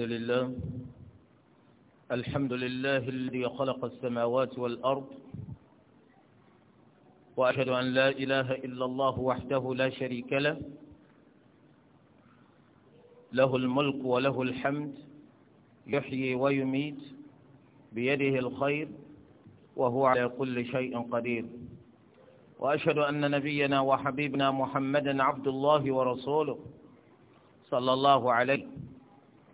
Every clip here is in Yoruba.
الحمد لله الحمد لله الذي خلق السماوات والأرض وأشهد أن لا إله إلا الله وحده لا شريك له له الملك وله الحمد يحيي ويميت بيده الخير وهو على كل شيء قدير وأشهد أن نبينا وحبيبنا محمدا عبد الله ورسوله صلى الله عليه وسلم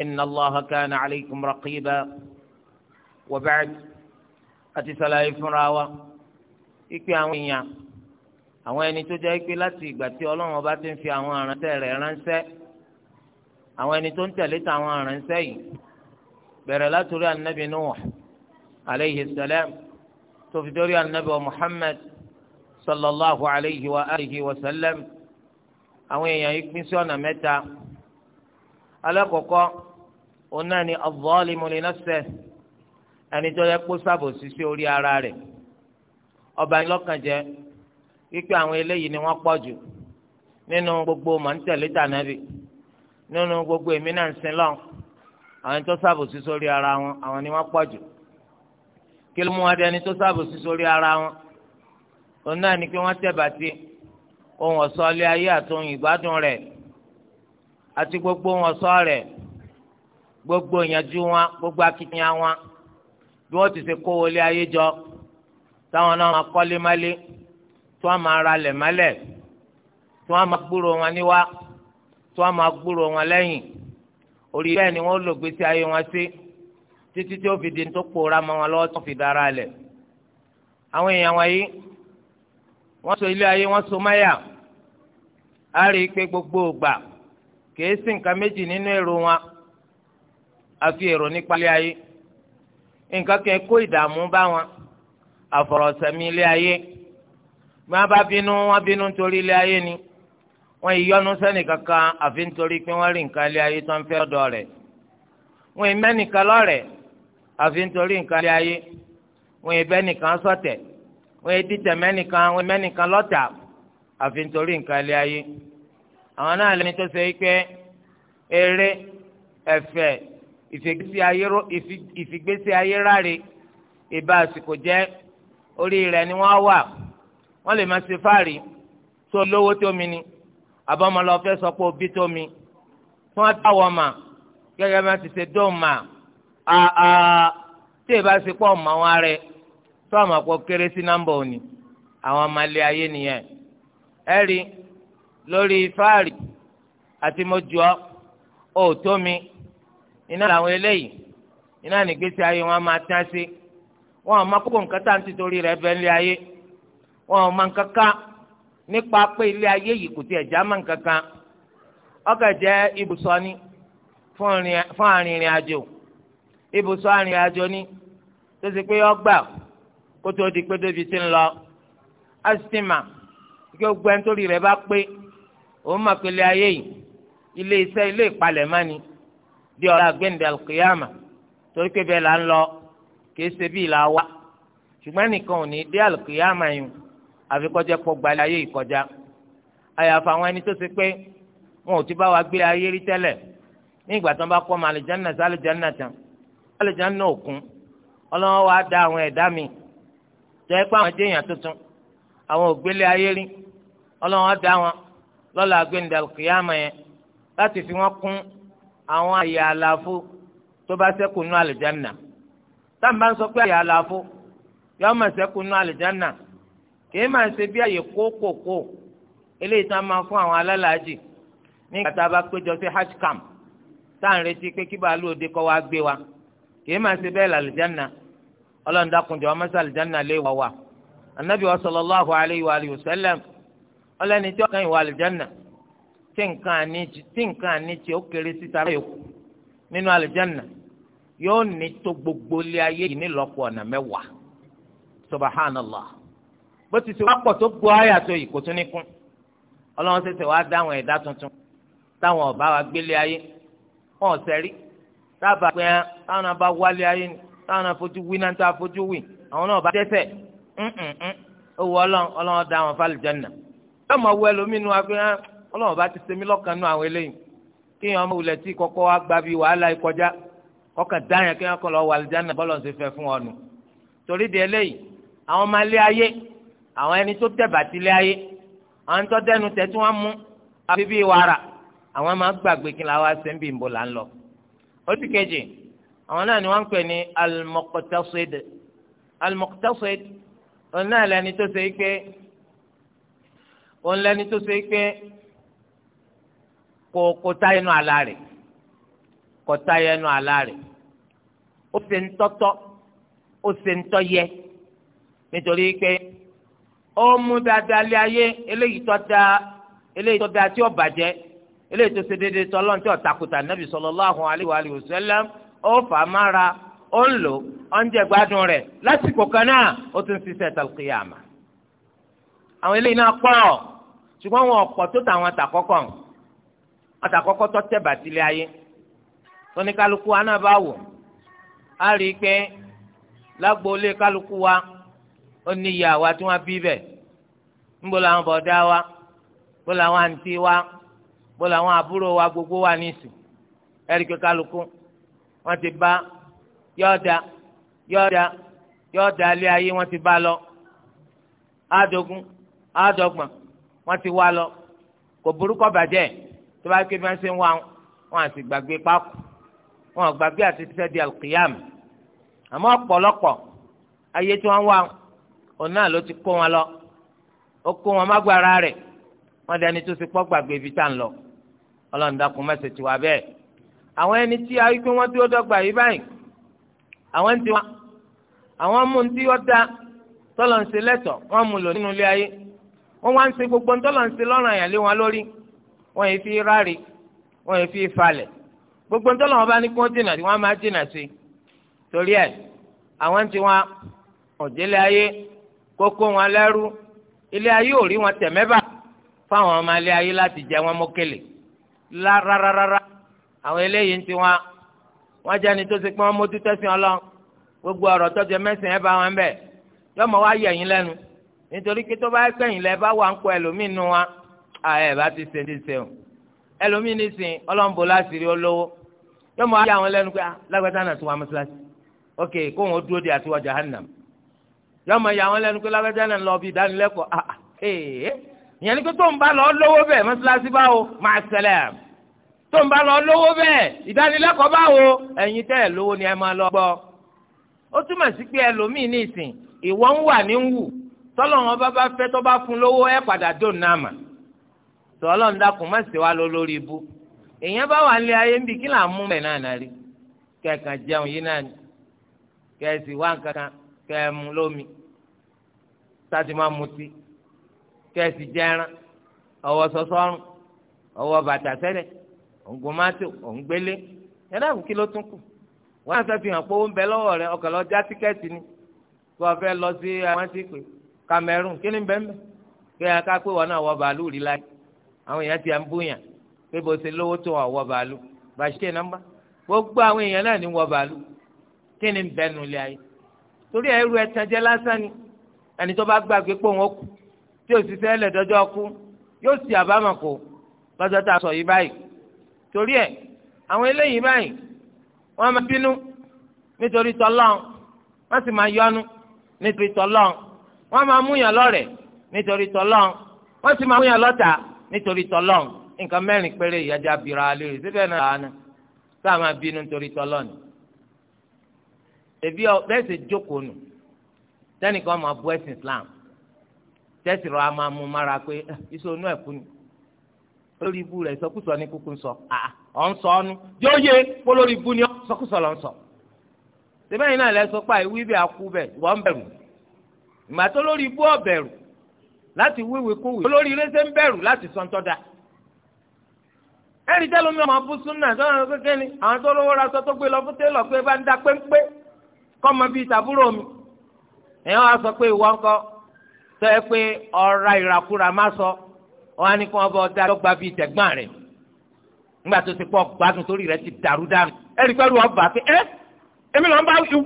إن الله كان عليكم رقيبا وبعد àti ṣàlàyé fúnra wa ìpè àwọn èèyàn àwọn ẹni tó jẹ́ pé láti ìgbà tí Ọlọ́run ọba ti ń fi àwọn àránṣẹ́ rẹ̀ ránṣẹ́ àwọn ẹni tó ń tẹ̀lé tàwọn àránṣẹ́ yìí bẹ̀rẹ̀ látòrí anabi Nuh alayhi salam tó fi dórí anabi Muhammad sallallahu alayhi wa alihi wa sallam àwọn èèyàn yìí pín sí ọ̀nà mẹ́ta alákọ̀ọ́kọ́ òun náà ni az-zalimu li nafsihi ẹni tó yẹ kó ṣàbòsí sí orí ara rẹ̀ ọba lọ́kàn jẹ́ wípé àwọn eléyìí ni wọ́n pọ̀ jù nínú gbogbo mọ̀ntẹ̀lẹ́ tànàbì nínú gbogbo èmi náà ń sin sisi àwọn tó ṣàbòsí sórí ara wọn àwọn ni wọ́n pọ̀ jù kí ló mú wá dé ẹni ara wọn òun náà ni pé bàtí ohun ọ̀sọ́ ayé àti ohun ìgbádùn àti gbogbo wọn sọ rẹ̀ gbogbo ìyànjú wọn gbogbo akitiyan wọn bí wọ́n ti ṣe kó wọlé ayé jọ táwọn náà máa kọ́lé málé tí wọ́n máa ra lẹ̀ tí wọ́n máa gbúrò wọn níwá tí wọ́n máa gbúrò wọn lẹ́yìn orí bẹ́ẹ̀ ni wọ́n lò gbèsè ayé wọn sí títí tí ó fi di tó pòórá mọ́ wọn lọ́wọ́ tó fi dára lẹ̀ àwọn èèyàn wọ̀nyí wọ́n so ilé ayé wọ́n so máyà á rí i pé gbogbo ògbà. kìí nǹkan méjì nínú èrò wọn àfi èrò nípa ilé ayé nǹkan kan kó ìdààmú bá wọn àfọ̀rọ̀sẹ̀mí ilé ayé bí bá bínú bínú ilé ayé ni wọ́n ìyọnu sẹ́ni kankan àfi nítorí pé wọ́n rí nǹkan ilé ayé tó ń fẹ́ ọ̀dọ̀ rẹ̀ nka ìmẹ́nìkan lọ́rẹ̀ àfi nítorí nǹkan ilé ayé wọ́n ìbẹ́nìkan ìmẹ́nìkan lọ́tà àfi nítorí nǹkan àwọn náà lẹni tó ṣe pé eré ẹ̀fẹ̀ ìfigbésí ayé ráre ìbá àsìkò jẹ́ orí rẹ̀ ni wọ́n wà wọ́n lè máa ṣe fáàrí tó lówó tó mi ni àbọ̀mọlọ fẹ́ sọ pé òbí tó mi tí wọ́n dá wọ́n mà gẹ́gẹ́ bá ti ṣe dóun mà àà tí ìbá ṣe pọ̀ mọ́ wọn rẹ̀ tó àmọ̀ pọ̀ kéré sí nọ́mbà òní àwọn ọmọ ilé ayé nìyẹn ẹ̀rí lórí fáàrí àti mọ́jọ́ ó tó mi iná làwọn eléyìí iná nígbésí ayé wọn máa tán sí wọn ò máa kókò nǹkan tá à ń tìtorí rẹ̀ bẹ́ẹ̀ lé ayé wọn ò máa nǹkan nípa pé ilé ayé yìí kò tiẹ̀ já máa nǹkan ọkọ̀ jẹ́ ibùsọ ni fún arìnrìn àjò ibùsọ arìnrìn àjò ni tó ti pé ọgbà kó tó di pé débi ti ń lọ asitima kí o gbẹ́ nítorí rẹ̀ bá pé òun máa pèlè ayé yìí ilé iṣẹ́ ilé ìpalẹ̀mọ́ ni bí ọ̀rọ̀ àgbẹ̀ǹdẹ̀ alkiyama torí pé bẹ́ẹ̀ là ń lọ kìí ṣe bí ìlà wa ṣùgbọ́n nìkan ò ní dé alkiyama yìí àfi kọjá pọ̀ gbalẹ̀ ayé yìí kọjá àyàfà àwọn ẹni tó ṣe pé wọn ò ti bá wa gbé ayé rí tẹ́lẹ̀ ní ìgbà tí wọn bá kọ́ ọmọ alìjánná sí alìjánná tán alìjánná òkun ọlọ́wọ́ wa dá àwọn ẹ̀dá mi jẹ́ pé àwọn jẹ́yàn tuntun àwọn ògbélé ayé rí ọlọ́wọ́ dá wọn lọ́la gbẹ̀ndà kìyàmà yẹn láti fi wọ́n kún àwọn àyè àlàfo tó bá ṣẹ́kù nú àlìjánà táwọn bá ń sọ pé àyè àlàfo yọọ máa ṣẹ́kù nú àlìjánà kì í máa ṣe bí àyè kókòkò eléyìí tá a máa fún àwọn alálàájì ní ìgbà tá a bá péjọ sí hajj camp tá à ń retí pé kí bàálù òde kọ́ wa gbé wa kì í máa ṣe bẹ́ẹ̀ làlìjánà ọlọ́run dákunjọ́ ọmọ sàlìjánà lè wà wà anabi wa alayhi wa ọlọ́ni tí ọkàn ìwà àlùjáná tí nǹkan àní tí nǹkan àní tí ó kéré síta rẹ̀ kù nínú àlùjáná yóò ní tó gbogbo ilé ayé yìí nílọ́pọ̀ ọ̀nà mẹ́wàá subahánàlá bó ti ṣe wá pọ̀ tó gbọ́ àyàtọ̀ yìí kò tún ní kún ọlọ́run ṣẹ̀ṣẹ̀ wá dáwọn ẹ̀dá tuntun táwọn ọba wa gbélé ayé wọn ò sẹ́rí dábàá pé táwọn náà bá wálé ayé táwọn náà fojú wí náà tá a fojú àwọn náà bá dẹ́ṣẹ̀ ń ń ń owó ọlọ́run ọlọ́run dá fálìjọ́nà yóò máa wọ ẹlòmínú wa pé ah, ọlọ́run bá ti ṣe mí lọ́kàn nú àwọn eléyìí kéèyàn ọmọ wulẹ̀ tí kọ́kọ́ wá gba bí wàhálà ìkọjá ọkàn dáhùn kéèyàn kọ́ lọ wà lìjánà bọ́lọ̀ ń ṣe fẹ́ fún ọ nù torí di eléyìí àwọn ọmọ ilé ayé àwọn ẹni tó tẹ̀bà ti ilé ayé àwọn tó dẹnu tẹ̀ tí wọ́n mú àfi bíi wàrà àwọn máa gbàgbé kí làwọn ṣe ń bì ń bò là ń lọ. ó ti kejì àwọn náà ni wọ́n ń pè ní al òun lẹni tó ṣe pé kò kò tá inú àlá rẹ̀ kò tá inú àlá rẹ̀ ó ṣe ń tọ́tọ́ ó ṣe ń tọ́ nítorí pé ó mú dáadáa lé ayé eléyìí tó da eléyìí tó da tí ó bàjẹ́ eléyìí tó ṣe déédéé tó ọlọ́run tí ó nàbì ó àwọn eléyìí náà pọ̀ ṣùgbọ́n wọn ọ̀pọ̀ tó tàwọn àtàkọ́kọ́ àtàkọ́kọ́ tó tẹ̀ bàtílẹ̀ ayé tóníkálukú wa náà bá wò á rí i pé lágbóolé kálukú wa ó ní iye àwa tí wọ́n bí bẹ̀ ńbó làwọn bọ̀dá wa bó làwọn àǹtí wa bó làwọn àbúrò wa gbogbo wa nísì ẹ̀rí pé kálukú wọ́n ti bá yọ̀ọ̀dà yọ̀ọ̀dà yọ̀ọ̀dà ilé ayé wọ́n ti bá lọ. Adogun àádọ́gbọ̀n wọ́n ti wá lọ kò burúkọ bàjẹ́ tó bá ké bí wọ́n ṣe ń wá wọn àti gbàgbé pákó wọn gbàgbé àti títẹ́ di alqiyam àmọ́ ọ̀pọ̀lọpọ̀ ayé tí wọ́n wá òun náà ló ti kó wọn lọ ó kó wọn mágbára rẹ̀ wọ́n dẹni tó ti pọ́ gbàgbé ibi tá à ń lọ ọlọ́run dákun mẹ́sẹ̀ tiwa bẹ́ẹ̀ àwọn ẹni tí ayé pé wọ́n dúró dọ́gba yìí báyìí àwọn ń tiwa àwọn mú un tí wọ́n da tọ́lọ̀ ń ṣe lẹ́tọ̀ wọ́n mú lò nínú ilé ayé wọ́n wá ń ṣe gbogbo ńtọ́lọ̀ ń ṣe lọ́rùn àyàn lé wọn lórí wọ́n yìí fi ráre wọ́n yìí fi falẹ̀ gbogbo ńtọ́lọ̀ wọn bá ní kí wọ́n dènà tí wọ́n máa dènà sí torí ẹ̀ àwọn tí wọn òjèlé ayé kókó wọn lẹ́rú ilé ayé ò rí wọn tẹ̀mẹ́bà fáwọn ọmọ ilé ayé láti jẹ wọn mọ́kèlè rárára àwọn eléyìí ń tiwọn wọn jẹ́ ni tó ti pé mójútó sí ọlọ́ gbogbo ọ̀rọ̀ tó jẹ mẹ́sìn ẹ̀ bá wọn bẹ̀ yọmọ wá yẹ̀yìn lẹ́nu nítorí pé tó bá gbẹ̀yìn lẹ bá wà ń kó ẹlòmíín nu wa ẹ bá ti ṣe ti ṣe o ẹlòmíín ní sìn ọlọ́mùbó láti rí olówó yóò mọ ayé àwọn lẹ́nu pé lágbàtà náà ti wà mọ́ṣáláṣí ok kó wọn dúró de àti wọ jahannam yóò ayé àwọn lẹ́nu pé lágbàtà náà lọ bí ìdánilẹ́kọ̀ọ́ ah, ah ee eh, eh. ìyẹn ni pé tó ń bá lọ lówó bẹ́ẹ̀ mọ́ṣáláṣí báwo máa ṣẹlẹ̀ tó ń bá lọ lówó bẹ́ẹ̀ ìdánilẹ́kọ̀ọ́ báwo ni ẹ máa lọ gbọ́ ó túmọ̀ sí tọ́lọ̀ wọn bá bá fẹ́ tọ́ bá fún lówó ẹ̀ padà dùn náà mà má sì wá lọ lórí ibú èèyàn bá wà nílé kí là ń mú náà náà rí jẹun yìí náà ni kẹ̀sì wá kankan kẹ̀mú lómi mutí jẹran ọwọ́ sọ́sọ́rùn bata bàtà òǹgbélé kí ló tún kù fi hàn pé ó ń bẹ rẹ lọ já Cameroon kí ni bẹ́ẹ̀ bẹ́ẹ̀ ká pé wọn náà wọ bàálù rí láyé àwọn èèyàn ti à ń bóyàn pé bó ṣe lówó tó wọ bàálù bàṣẹ nàmbá gbogbo àwọn èèyàn náà ní wọ bàálù kí ni bẹ́ẹ̀ nù lé ayé torí ẹrù ẹ̀tàn jẹ́ lásán ni ẹni tó bá gbàgbé pé òun ó kú tí òṣìṣẹ́ ẹlẹ́dọ́jọ́ kú yóò sì àbámọ̀ kó lọ́jọ́ tá a sọ yìí báyìí torí ẹ̀ àwọn eléyìí báyìí wọ́n máa bínú nítorí tọ́lọ́n wọ́n sì máa yọnu nítorí tọ́lọ́n wọ́n máa mú yàn lọ́rẹ̀ nítorí tọ́lọ́n wọ́n sì máa mú yàn lọ́tà nítorí tọ́lọ́n nǹkan mẹ́rin péré ìyájà bìrà lérè síbẹ̀ náà làánà sáà máa bínú nítorí tọ́lọ́n ni. èbí bẹ́ẹ̀ sì jókòó nù tẹ́nìkan máa bú ẹ̀sìn Islam tẹ́sì rọ a máa mú mára pé ah, iṣẹ́ onú ẹ̀kú ni lórí ibu rẹ̀ sọkúsọ ní kúkú sọ ah, ah, ọ̀ ń sọ ọ́nu yóò yé kó lórí ibu ni sọkúsọ lọ́ sọ. síbẹ̀ náà lẹ́ sọ pé bẹ́ẹ̀ akú bẹ́ẹ̀ wọ́n bẹ̀rù ìgbà tó lórí ibú ọ̀bẹ̀rù láti wíwí kúwì olórí iléeṣẹ́ ń bẹ̀rù láti sọ ńtọ́da ẹ̀rí tẹ́lu mi ọmọ abú súnà tó ń kékeré ni àwọn tó lówó ra sọ tó gbé lọ fún télọ̀ pé bá ń da péńpé kọ́ bíi tàbúrò mi èèyàn wá sọ pé ìwọ ńkọ́ sọ ẹ pé ọ̀ra ìràkúra má sọ wọn á ní kí wọn bọ dá lọ́gba bíi tẹ̀gbọ́n rẹ̀ nígbà tó ti pọ̀ gbádùn torí rẹ̀ ti dàrú dànù ẹ̀rí pẹ́lú ọba pé ẹ́ èmi lọ́n bá wọ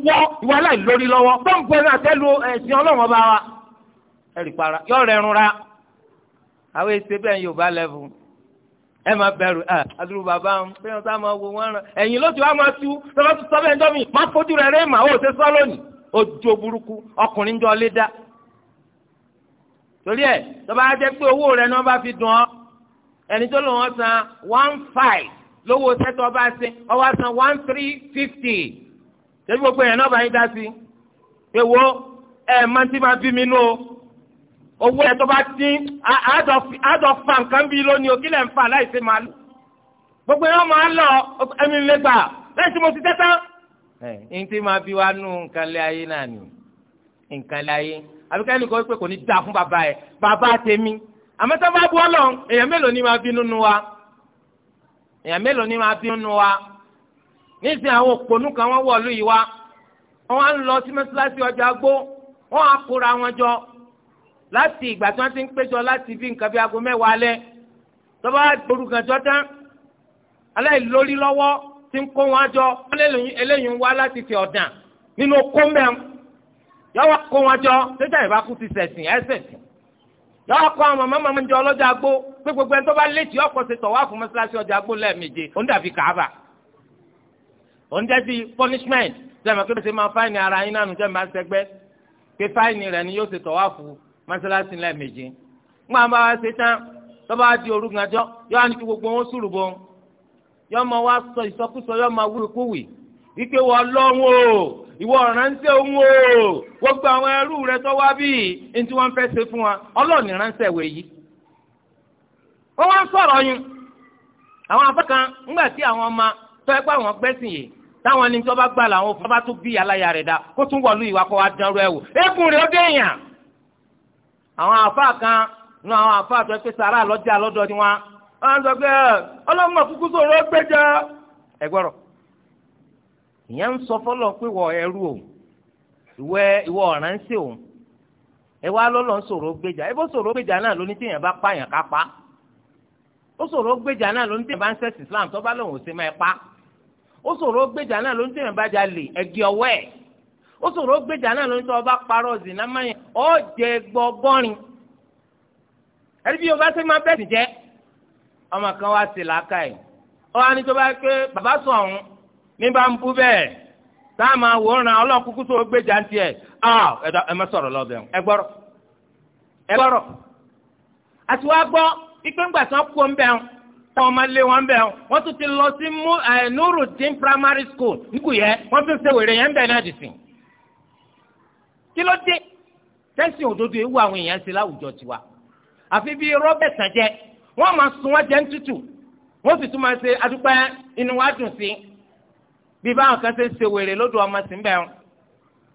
ìwà aláìlórí lọ́wọ́ bọ́ǹkù ẹ̀rọ àtẹ́lu ẹ̀sìn ọlọ́run ọba wa ẹ̀rì para yọ rẹrun ra àwọn èsè bẹ́ẹ̀ yóò bá lẹ́fù ẹ máa bẹ̀rù ẹ adúlù bàbá ń pé wọn sá máa wo wọn ràn ẹ̀yìn lójú wa máa tú lọ́wọ́ tó sọ́bẹ̀ ẹjọ́ mi má fojú rẹ̀ rẹ́ mà ó ṣe sọ́ lónìí ojú burúkú ọkùnrin jọ lé dá torí ẹ tọ́ba á jẹ́ pé owó rẹ̀ ni wọ́n bá fi dùn ọ́ ẹni tó lò wọ́n san one five lówó sẹ́tọ̀ bá ṣe ọwọ́ san one three fifty ṣé gbogbo yẹn náà bá yín dá sí pé wo ẹ máa ti máa bí mi nú o owó ẹ tó bá dín àádọ́ fa nǹkan bí lónìí o kí lẹ̀ ń fa láì ṣe máa lò gbogbo yẹn máa lọ ẹ̀mí mi gbà lẹ́yìn tí mo ti tẹ́tà. ẹ ní tí máa bí wa nú nǹkan lé ayé náà ni nǹkan lé ayé àbí káyọ̀ nìkan pé kò ní dáa fún bàbá ẹ̀ bàbá tèmi àmọ́ tá a èèyàn mélòó ni máa bínú nu wa èèyàn mélòó ni máa bínú nu wa nísìnyí àwọn òpònú kan wọ́n wọ̀lú yìí wá wọ́n á ń lọ sí mọ́ṣáláṣí ọjà gbó wọ́n á kóra wọn jọ láti ìgbà tí wọ́n ti ń péjọ láti bí nǹkan bí aago mẹ́wàá alẹ́ tọ́ba orúkànjọ́ tán aláìlórí lọ́wọ́ ti ń kó wọn jọ eléyìí ń wá láti fi ọ̀dàn nínú okó mẹ́rin yọ̀wọ́ kó wọn jọ tẹ́jà ìbákú ti sẹ̀sìn ẹ̀sẹ̀sìn yọ̀wọ́ kó àwọn màmá jọ ọlọ́jà gbó pé gbogbo ẹni tó létí ọkọ̀ ṣe tọ̀wá fún mọ́ṣáláṣí ọjà gbó lẹ́ẹ̀méje ó ń dàbí kàábà òun jẹ́ bíi punishment sẹ́mi kí ló ṣe máa fáìní ara yín náà nùjọ́ máa ń sẹ́gbẹ́ pé fáìní rẹ̀ ni yóò ṣe tọ́wáfù mọ́ṣáláṣí lẹ́ẹ̀mejì ńgbà bá wa ṣe tán tọ́ba di orúkànjọ́ yọ á ní kí gbogbo wọn sùrù bọ́n yọ ọmọ wa sọ ìsọkúsọ yọ ọmọ wíwíkúwì wípé wọ́n lọ́wọ́ ìwọ ránṣẹ́ òun o wọ́n gba àwọn ẹrú rẹ tó wá bí ní tí wọ́n fẹ́ ṣe fún wa ọlọ́ọ̀ni ránṣẹ́ ìwé yìí. ó wá ń sọ̀rọ̀ yín àwọn afẹ́kan ńgbà tí àwọn ọmọ tọ́ ẹ pé àwọn gbẹ́sìn yìí táwọn ẹni tó bá gbà làwọn òfin bá tún bí aláya rẹ̀ dá kó tún wọ̀lú ìwà kó wá dánrú ẹ̀ wò eégún rẹ̀ ó dé àwọn àfa kan nu àwọn àfa tó ẹ pé ni wọn wọn sọ fọlọ pé wọ ẹrú o ìwọ ìwọ ọ̀ránṣẹ́ ẹ wá lọ́lọ́ sọ̀rọ̀ ẹ bó sọ̀rọ̀ náà lóní tí èèyàn bá pààyàn ká pa ó sọ̀rọ̀ Islam ó sọ̀rọ̀ gbèjà náà ló ń bá ẹ̀ ó ọba parọ́ zina mayin ó jẹ gbọgbọ́rin ẹni bí ọba sẹ́ni máa bẹ́ẹ̀ sì jẹ́ ọmọ kan wá sí làákà yìí ó wá ní tó bá pé bàbá sọ ọ̀hún ní bá ń bú bẹ́ẹ̀ tá a máa wòran tó gbèjà ń tiẹ̀ ẹ ẹ táwọn ọmọ lé wọn bẹ̀ wọ́n tún ti lọ sí Nurudeen primary school níkùyẹ wọ́n tún ṣe wèrè yẹn bẹ̀ náà dì sí. kí ló dé tẹ́sí òdodo ewu àwọn èèyàn ṣe láwùjọ tiwa àfi bíi Robert jẹ wọ́n máa sun wọn jẹ́ ń tútù wọ́n sì tún máa ṣe adúpẹ́ inú wa dùn sí bí báwọn kan ṣe ń ṣe wèrè lódò ọmọ sí bẹ́ẹ̀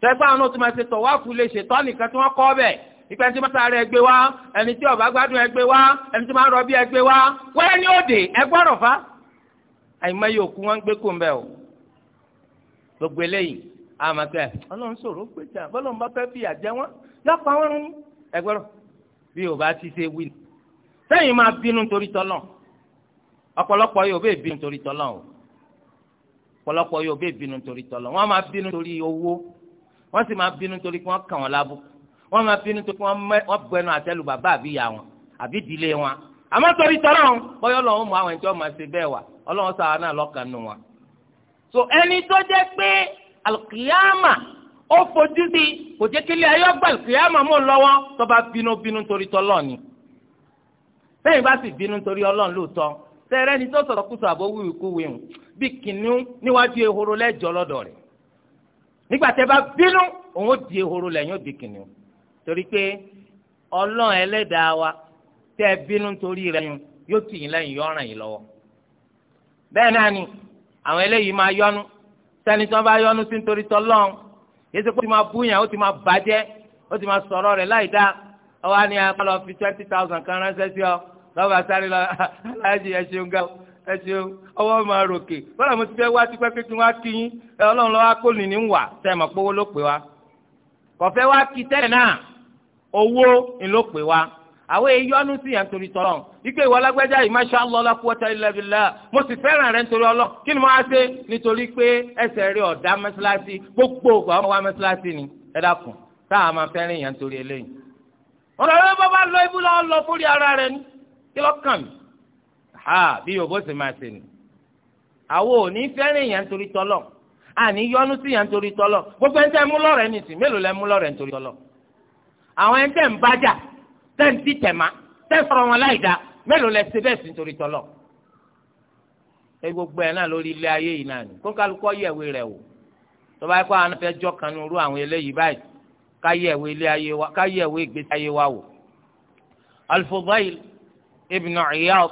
tẹ́gbà wọn náà tún máa ṣe tọ̀wáfù lè ṣètọ́ nìkan tí wọ́n kọ́ bẹ́ẹ̀ ìpè ẹni tí máa sáré ẹgbẹ́ wá ẹni tí ọ̀bá gbádùn ẹgbẹ́ wá ẹni tí máa rọbí ẹgbẹ́ wá wẹ́ẹ́ ní òde ẹgbọ́rọ̀ fa àyìnbá yóò kú wọn gbé kó ń bẹ o gbogbo eléyìí àmàkẹ́ ọlọ́run sọ̀rọ̀ ó gbèjà bọ́lọ́run bá fẹ́ fi àjẹ wọn yọ̀pọ̀ àwọn ọ̀run ẹgbọ́rọ̀ bí o bá ti ṣe wí ni sẹ́yìn máa bínú torí tọ́lọ̀ ọ̀pọ̀lọpọ̀ yóò bẹ́ẹ̀ bínú torí tọ́lọ̀ o ọ̀pọ̀lọpọ̀ yóò bẹ́ẹ̀ bínú torí tọ́lọ̀ wọ́n máa bínú torí owó wọ́n sì máa bínú torí kí wọ́n kàn wọ́n lábùkù wọ́n máa bínú tó kí wọ́n bẹnu àtẹ́lu bàbá àbí ìyá wọn àbí ìdílé wọn àmọ́ torí tọ́lọ́ wọn bọ́yọ́ lọ́wọ́ mú àwọn ẹ̀jọ́ máa ṣe bẹ́ẹ̀ wà ọlọ́wọ́ sọ àwọn náà lọ́kàn nù wọn. so ẹni tó jẹ́ pé alùkìyàmà ó fojú sí kò jẹ́ kílé ayé ọgbà alùkìyàmà mọ̀ lọ́wọ́ tó bá bínú bínú torí tọ́lọ́ ni. sẹ́yìn bá sì bínú torí ọlọ́run lóòótọ́ sẹ́rẹ́ ni tó sọ̀rọ̀ kùsọ àbó wíwì kú wíwù bí kìnnìún níwájú ehoro torí pé ọlọ́run ẹlẹ́dàá wa tẹ́ bínú torí rẹ̀ yóò tì yín lẹ́yìn ni àwọn eléyìí máa yọnu sẹ́ni tí wọ́n bá yọnu sí nítorí ti máa búyàn ó ti máa bàjẹ́ ó ti máa sọ̀rọ̀ rẹ̀ láì ni a fi twenty thousand kan ránṣẹ́ sí ọ lọ́ba sáré lọ owó ńlọpẹ wa àwọn èyí ọ́nú sí yàn torí tọ́lọ̀ ike ìwọ alágbájá yìí masha Allah la quwwata illa billah mo sì fẹ́ràn rẹ̀ nítorí ọlọ́ kí ni mo á ṣe nítorí pé ẹsẹ̀ rẹ̀ ọ̀dá mẹ́sàlásì gbogbo ògbà ọmọ wa mẹ́sàlásì ni ẹ dákun táà máa fẹ́ràn yàn torí eléyìí. ọ̀rọ̀ rẹ bá bá lọ ibú lọ́ọ́ lọ fórí ara rẹ ni kí lọ́ kàn mí ha bí yòówó sì máa ṣe ni. àwo ò ní fẹ́ràn yàn torí tọ́lọ̀ àní yọ́nú sí yàn torí tọ́lọ̀ gbogbo ẹni tẹ́ mú lọ́rẹ̀ẹ́ nìsín tọ́lọ̀ àwọn ẹni tẹ́ ń bájà tẹ́ ń ti tẹ̀má tẹ́ sọ̀rọ̀ wọn láì dá mélòó lẹ ṣe bẹ́ẹ̀ sí nítorí tọ́lọ̀ ẹ gbogbo ẹ̀ náà lórí ilé ayé yìí náà ni kó kálukọ́ yẹ̀wé rẹ̀ wò tó bá yẹ kó àwọn afẹ́ jọ kan nírú àwọn eléyìí báyìí ká yẹ̀wé ilé ayé wa ká yẹ̀wé ìgbésí ayé wa wò. al ibn Iyad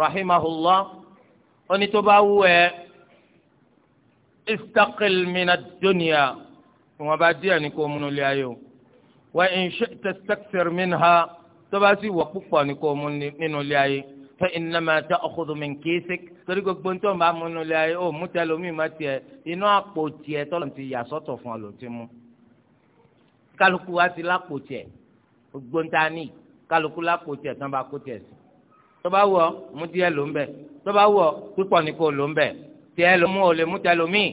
rahimahullah oní tó bá wù ẹ́ istaqil mina dunya ìwọ̀nba díẹ̀ ni kò múnú ilé ayé o wa in shi'ta istakthir minha tó bá sì wọ̀ púpọ̀ ní kò mú nínú ilé ayé fa innama ta'khudhu min kisik torí gbogbo ń tó ń bá mú nínú ilé ayé ó mú tẹ́lẹ̀ omi má tiẹ̀ inú àpò tiẹ̀ tọ́lọ̀ ti yà sọ́tọ̀ fún ọ ló ti mú kálukú wa ti lápò tiẹ̀ gbogbo ń ta kálukú lápò tiẹ̀ tán kó tiẹ̀ sí tó bá mú díẹ̀ ló ń bẹ̀ tó bá wọ̀ ní kò ló ń bẹ̀ tiẹ̀ ló mú ò lè mú tẹ́lẹ̀ omi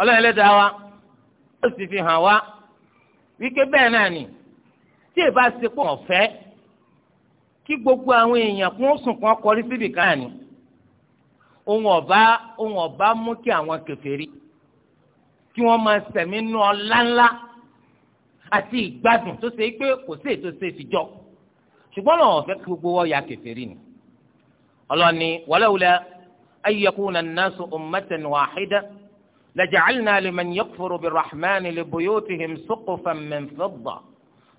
ọlọ́run ẹlẹ́dàá wa ó sì fi hàn wá wíkẹ́ bẹ́ẹ̀ náà ni tí èbá ṣe pé ọ̀fẹ́ kí gbogbo àwọn èèyàn kún sùn kan kọrí síbi kan ni òun ọba òun ọba mú kí àwọn kèfèrí kí wọ́n máa sẹ̀mí nù ọ láńlá àti ìgbádùn tó ṣe pé kò sí ètò ṣe ìfijọ́ ṣùgbọ́n náà ọ̀fẹ́ kí gbogbo wọ́n ya kèfèrí ni ọlọ́ni wàlẹ́wùlẹ́ ayyakuna an-nasu ummatan wahida. لجعلنا لمن يكفر بالرحمن لبيوتهم سقفا من فضة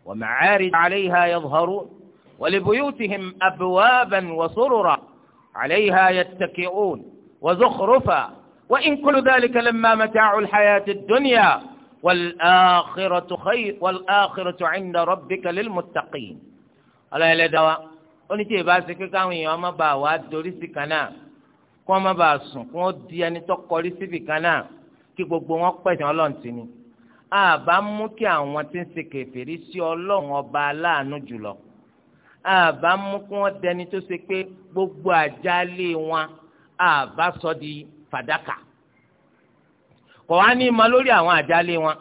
ومعارج عليها يظهرون ولبيوتهم أبوابا وسررا عليها يتكئون وزخرفا وإن كل ذلك لما متاع الحياة الدنيا والآخرة خير والآخرة عند ربك للمتقين ألا يا دواء أني تي باسك كامي kíkọ́ àwọn èèyàn má bàa wá dorí sí kan náà kí kí gbogbo wọn pẹ̀sìn ọlọ́run tì ní àbá mú kí àwọn tí ń ṣe kèfèrí sí ọlọ́run ọba aláàánú jùlọ àbá mú kí wọ́n dẹni tó ṣe pé gbogbo àjálé wọn àbá sọ di fàdákà kò wá ní ìmọ̀ lórí àwọn àjálé wọn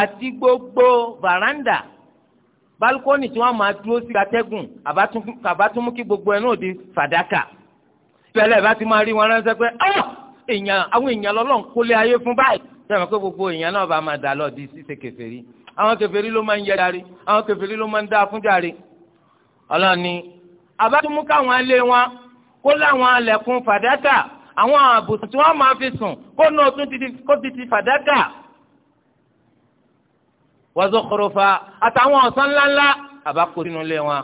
àti gbogbo varanda balkoni tí wọ́n máa dúró sí atẹ́gùn àbá tún mú kí gbogbo ẹ̀ náà di fàdákà tẹ́lẹ̀ bá ti máa rí wọn ránṣẹ́ pé ọ́ èèyàn àwọn èèyàn lọ́lọ́run kólé ayé fún báyìí sẹ́mi pé gbogbo èèyàn náà bá máa dà lọ di ṣíṣe kèfèrí àwọn kèfèrí ló máa ń yẹ jàre àwọn kèfèrí ló máa ń dá fún jàre ọlọ́ni àbátúmú káwọn alẹ́ wọn kó láwọn alẹ̀kùn fàdákà àwọn àbùsùn tí wọ́n máa fi sùn kó náà tún ti ti fàdákà wàzọkọrọfà àtàwọn ọ̀sán ńláńlá àbákò sínú ilé wọn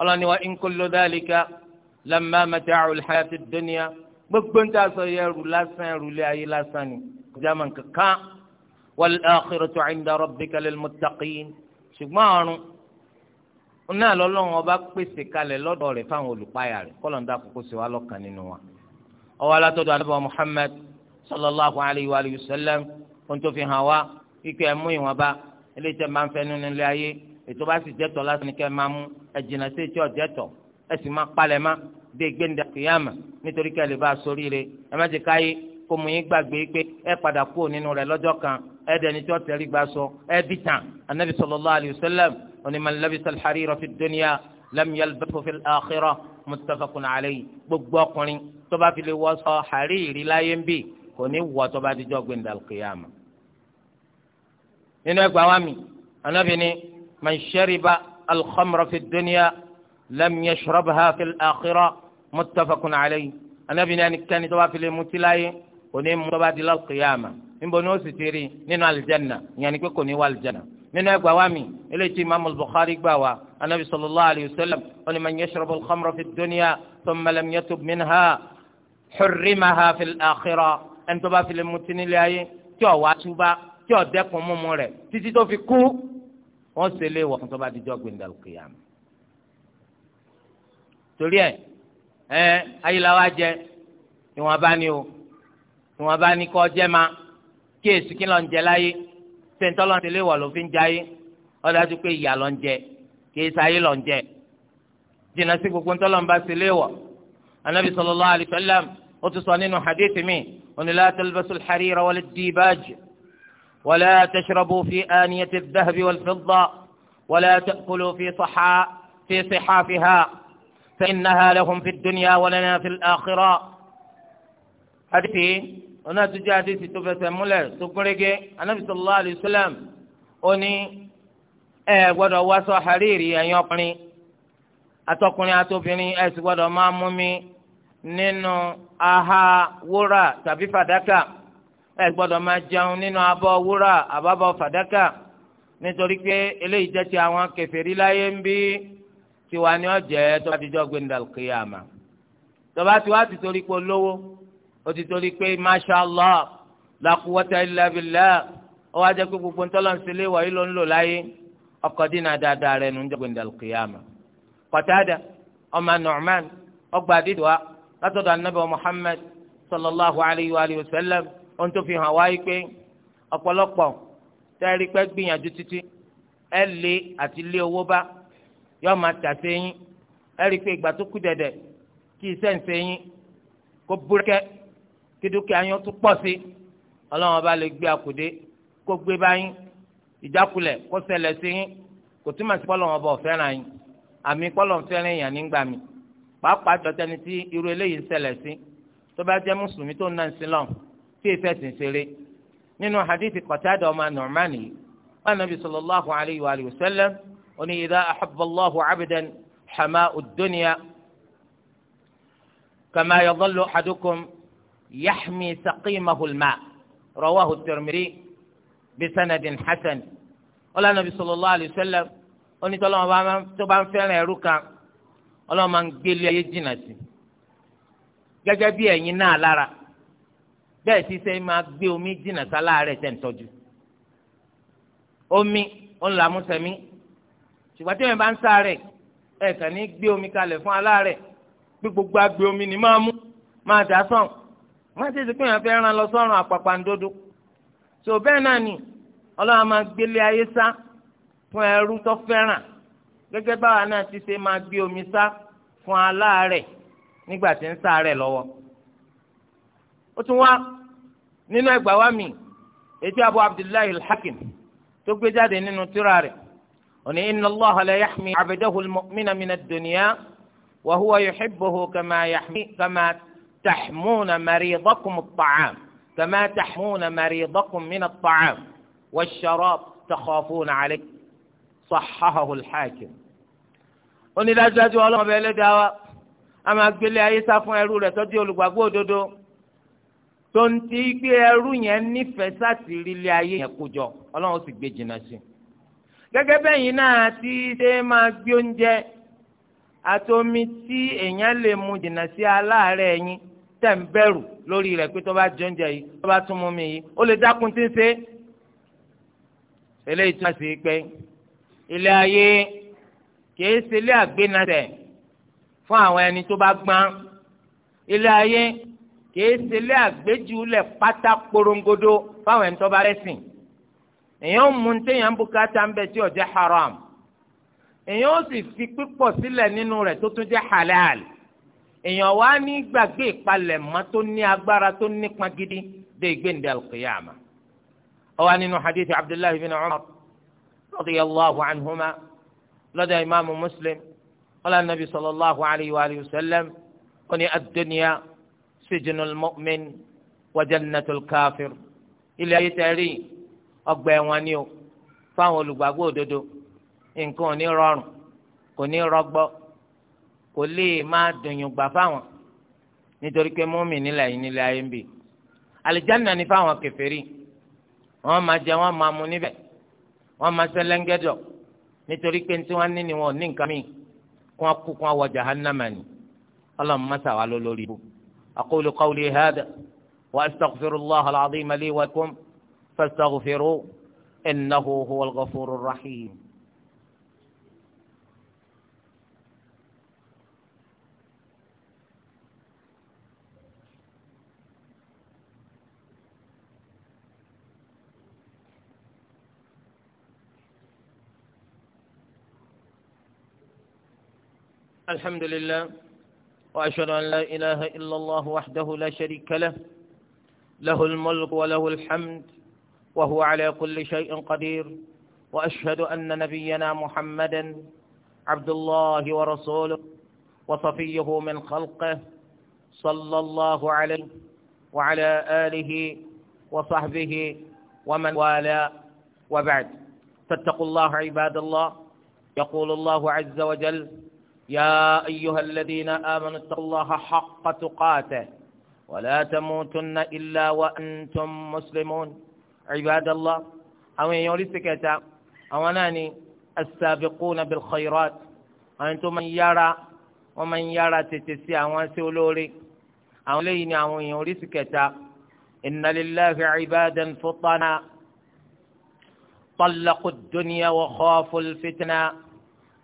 ọlọ́ni wa in kullu dhalika lamma mata'ul gbogbo ń tà sọ yẹ ẹrù lásán ẹrù lé ayé lásán ni jama kankan wal akhiratu inda rabbika lil muttaqin ṣùgbọ́n ọ̀run náà lọ́lọ́run ọba pèsè kalẹ̀ lọ́dọ̀ rẹ̀ fáwọn olùpáyà rẹ̀ kọ́lọ̀ ń dà kókó sí wa lọ́kàn nínú wa. ọwọ́ alátọ́dọ̀ anábọ̀ Muhammad sallallahu alayhi wa sallam ohun tó fi hàn wá kíkẹ́ ẹ̀mú ìwọ̀nba eléyìí tẹ́ máa ń fẹ́ nínú ilé ayé ètò bá sì jẹ́tọ̀ láti ní kẹ́ máa mú ẹ̀jìnà sí ìtí ọ̀jẹ́tọ̀ ẹ sì máa palẹ̀ má dé gbẹ̀ndà kìyàmà nítorí kí ẹ lè bá a sórí rẹ ẹ má ti káyé kó mu yín gbàgbé pé ẹ padà kúrò nínú rẹ lọ́jọ́ kan ẹ dẹni tí wọ́n tẹ̀lé gbà sọ ẹ bí tàn anabi sallallahu alayhi wa sallam oní man labisa al-harira fi dunya lam yalbathu fi al-akhirah muttafaqun alayhi gbogbo ọkùnrin tó bá fi lè wọ sọ hariri láyé ń bì kò ní wọ tó bá dijọ́ gbẹ̀ndà kìyàmà. nínú ẹgbàá wa mi anabi ni man lam yashrabha fil akhirah muttafaqun alayhi anabi ní ẹnikẹ́ni tó bá fi lè mutí láyé kò ní mu tó bá di lálùkìyàmà níbo ni ó sì ti rí nínú alìjẹ́nà ìyẹn ni pé kò ní wà alìjẹ́nà nínú ẹgbàá wa mi eléyìí tí imaamu bukhari gbà wá anabi sallallahu alayhi wa sallam ó ní man yashrabu al-khamra fi dunya thumma lam yatub minha hurrimaha fil akhirah ẹni tó bá fi lè mutí nílé ayé tí ò wá túbá tí ò dẹ́kun mímu rẹ̀ títí tó fi kú wọ́n ṣe lé wọ̀ fún tó bá di jọ́ gbẹ̀ndàlùkìyàmà torí ẹ ẹ ayélujára jẹ ìwọ̀n bá ní o ìwọ̀n bá ní kọ́ jẹ́ ma kí èsì kí lọ́n jẹ láyé sèǹtọ́ lọ́n ti lé wọ̀ ló fi ń jayé ọ̀dájú pé ìyà lọ́n jẹ kí èsì ayé lọ́n jẹ jìnnà sí gbogbo ńtọ́ lọ́n bá ti lé anabi sallallahu alayhi ó ti sọ nínú hadithi mi oní la talbasul harira wal dibaj wala tashrabu fi aniyati dhahabi wal fidda wala ta'kulu fi saha فإنها لهم في الدنيا ولنا في الآخرة حديثي هنا تجي حديثي تفسر مولى تقولك النبي صلى الله عليه وسلم أني ẹ gbọ́dọ̀ wá sọ hariri ẹ̀yin ọkùnrin atọkùnrin atobìnrin ẹ sì gbọ́dọ̀ máa mú mi nínú aha wúrà tàbí fàdákà ẹ gbọ́dọ̀ máa jẹun nínú abọ́ wúrà àbábọ̀ fàdákà nítorí pé eléyìí jẹ́ ti àwọn kèfèrí láyé ń bí tiwa ni ọjẹ tó bá ti jọ gbé ní al-qiyama tó bá tiwa ti torí pé olówó ó ti torí pé mashallah la quwwata illa billah ó wá jẹ́ pé gbogbo ntọ́lọ́nsílẹ̀ wọ̀nyí ló ń lò láyé ọkọ̀ dínà dáadáa rẹ̀ ní jọ gbé ní al-qiyama Qatada ọmọ Nu'man ọgbà dídò látọ̀dọ̀ anabi Muhammad sallallahu alayhi wa sallam ohun tó fi hàn wáyé pé ọ̀pọ̀lọpọ̀ tẹ́ẹ̀rí pẹ́ gbìyànjú títí ẹ̀ lé àti lé owó bá yóò máa tà sẹ́yìn ẹ̀rí pé ìgbà tó kú dẹ̀dẹ̀ kí iṣẹ́ ń sẹ́yìn kó búrẹ́kẹ́ kí dúkìá yín tún pọ̀ sí ọlọ́run ọba lè gbé akùdé kó gbé báyìí ìjákulẹ̀ kó ṣẹlẹ̀ sẹ́yìn kò túmọ̀ sí pọ́lọ́run ọba ọ̀fẹ́ràn yín àmì pọ́lọ́run fẹ́ràn èèyàn nígbà mi pàápàá jọtẹni tí irú eléyìí ń ṣẹlẹ̀ sí tó bá jẹ́ mùsùlùmí tó ń ná sí lọ́n tí ìfẹ́ sì ń ṣeré nínú hadithi Qatada ó ní idha ahabba Allahu abdan hama'u ad-dunya kama yadhallu ahadukum yahmi saqimahu al-ma' rawahu at-Tirmidhi bisanadin hasan ọlọ́run nàbí sallallahu alayhi wa sallam onítọ́lọ́wọ́ tó bá ń fẹ́ràn ẹrú kan ọlọ́run máa ń gbélé ayé jìnnà sí gẹ́gẹ́ bí ẹ̀yin náà gbé omi jìnnà sáláàárẹ̀ tẹ̀ ń omi ó ṣùgbọ́n tí èèyàn bá ń sáré ẹ̀ kàn ní gbé omi kalẹ̀ fún aláàrẹ̀ pé gbogbo agbè omi ni máa mú máa dà sàn máa tètè pé èèyàn fẹ́ ràn lọ sọ́run àpàpàǹdodo tó bẹ́ẹ̀ náà ni ọlọ́run máa gbélé ayé sá fún ẹrú tó fẹ́ràn gẹ́gẹ́ báwa náà ti ṣe máa gbé omi sá fún aláàrẹ̀ nígbà tí ń sáré lọ́wọ́ ó tún wá nínú ẹgbàá wa mi ètí abu abdullahi al-hakim tó gbé jáde nínú tírà rẹ̀ òní inna Allaha la yahmi abdahu al-mu'mina min ad-dunya wa huwa yuhibbuhu kama yahmi kama tahmuna maridakum at-ta'am kama tahmuna maridakum min at-ta'am wash-sharab takhafuna alayhi sahhahahu al-hakim. òní dájúdájú ọlọ́run ọbẹ̀ ẹlẹ́dàá wa a máa gbélé ayé sá fún ẹrú rẹ̀ tọ́jú olùgbàgbọ́ òdodo tó ń ti gbé ẹrú yẹn nífẹ̀ẹ́ sátìrí ilé ayé yẹn kójọ ọlọ́run sì gbé jìnnà sí i gẹ́gẹ́ bẹ́yìn náà ti ṣe máa gbé oúnjẹ àti omi tí èèyàn lè mu jìnnà sí aláàárẹ̀ yín tẹ̀ ń bẹ̀rù lórí rẹ̀ pé tó bá jẹ oúnjẹ yìí tó bá tún mú mi yìí ó lè dákun tí ń ṣe. eléyìí tún àṣì pé ilé ayé kìí ṣe ilé àgbénasẹ̀ fún àwọn ẹni tó bá gbọ́n ilé ayé kìí ṣe ilé àgbéjúlẹ̀ pátá porongodo fáwọn ẹni tó bá rẹ́sìn èèyàn ń mu téèyàn ń bùkátà ń bẹ tí ó jẹ́ haram èèyàn ó sì fi pípọ̀ sílẹ̀ nínú rẹ̀ tó tún jẹ́ halal èèyàn wá ní gbàgbé ìpalẹ̀ mọ́ tó ní agbára tó nípa gidi dé ìgbéǹde alqiyama ọwọ́ nínú hadith abdullahi bin umar radiyallahu anhuma lọ́dọ̀ imaamu muslim ọlọ́dọ̀ nabi sallallahu alayhi wa sallam ó ní ad-dunya sijnul mu'min wa ilé ayé tẹ̀rí ọgbà ẹ̀wọ̀n ni o fáwọn olùgbàgbọ́ òdodo nǹkan ò ní rọrùn kò ní rọgbọ kò lè má dùnyùn gbà fáwọn nítorí pé mọ́mì nílẹ̀ yìí nílẹ̀ ayé ń bì àlìjáná ni fáwọn kèfèrí wọ́n máa jẹ wọ́n máa mu níbẹ̀ wọ́n máa ṣe lẹ́ńgẹ́dọ̀ nítorí pé tí wọ́n ní ni wọ́n ní nǹkan mìíràn kí wọ́n kú kí wọ́n wọ jahannama ni ọlọ́run lórí ibu aqulu qawli hada wa astaghfirullah al-azim li فاستغفروا إنه هو الغفور الرحيم الحمد لله وأشهد أن لا إله إلا الله وحده لا شريك له له الملك وله الحمد وهو على كل شيء قدير وأشهد أن نبينا محمدا عبد الله ورسوله وصفيه من خلقه صلى الله عليه وعلى آله وصحبه ومن والاه وبعد فاتقوا الله عباد الله يقول الله عز وجل يا أيها الذين آمنوا اتقوا الله حق تقاته ولا تموتن إلا وأنتم مسلمون ibadallah àwọn èèyàn oríṣi kẹta àwọn náà ni as-sabiquna bil khairat àwọn tó máa ń yára wọ́n máa ń yára tètè sí àwọn ẹsẹ̀ olóore àwọn eléyìí ni àwọn èèyàn oríṣi kẹta inna lillahi ibadan futana طلقوا الدنيا وخافوا الفتنة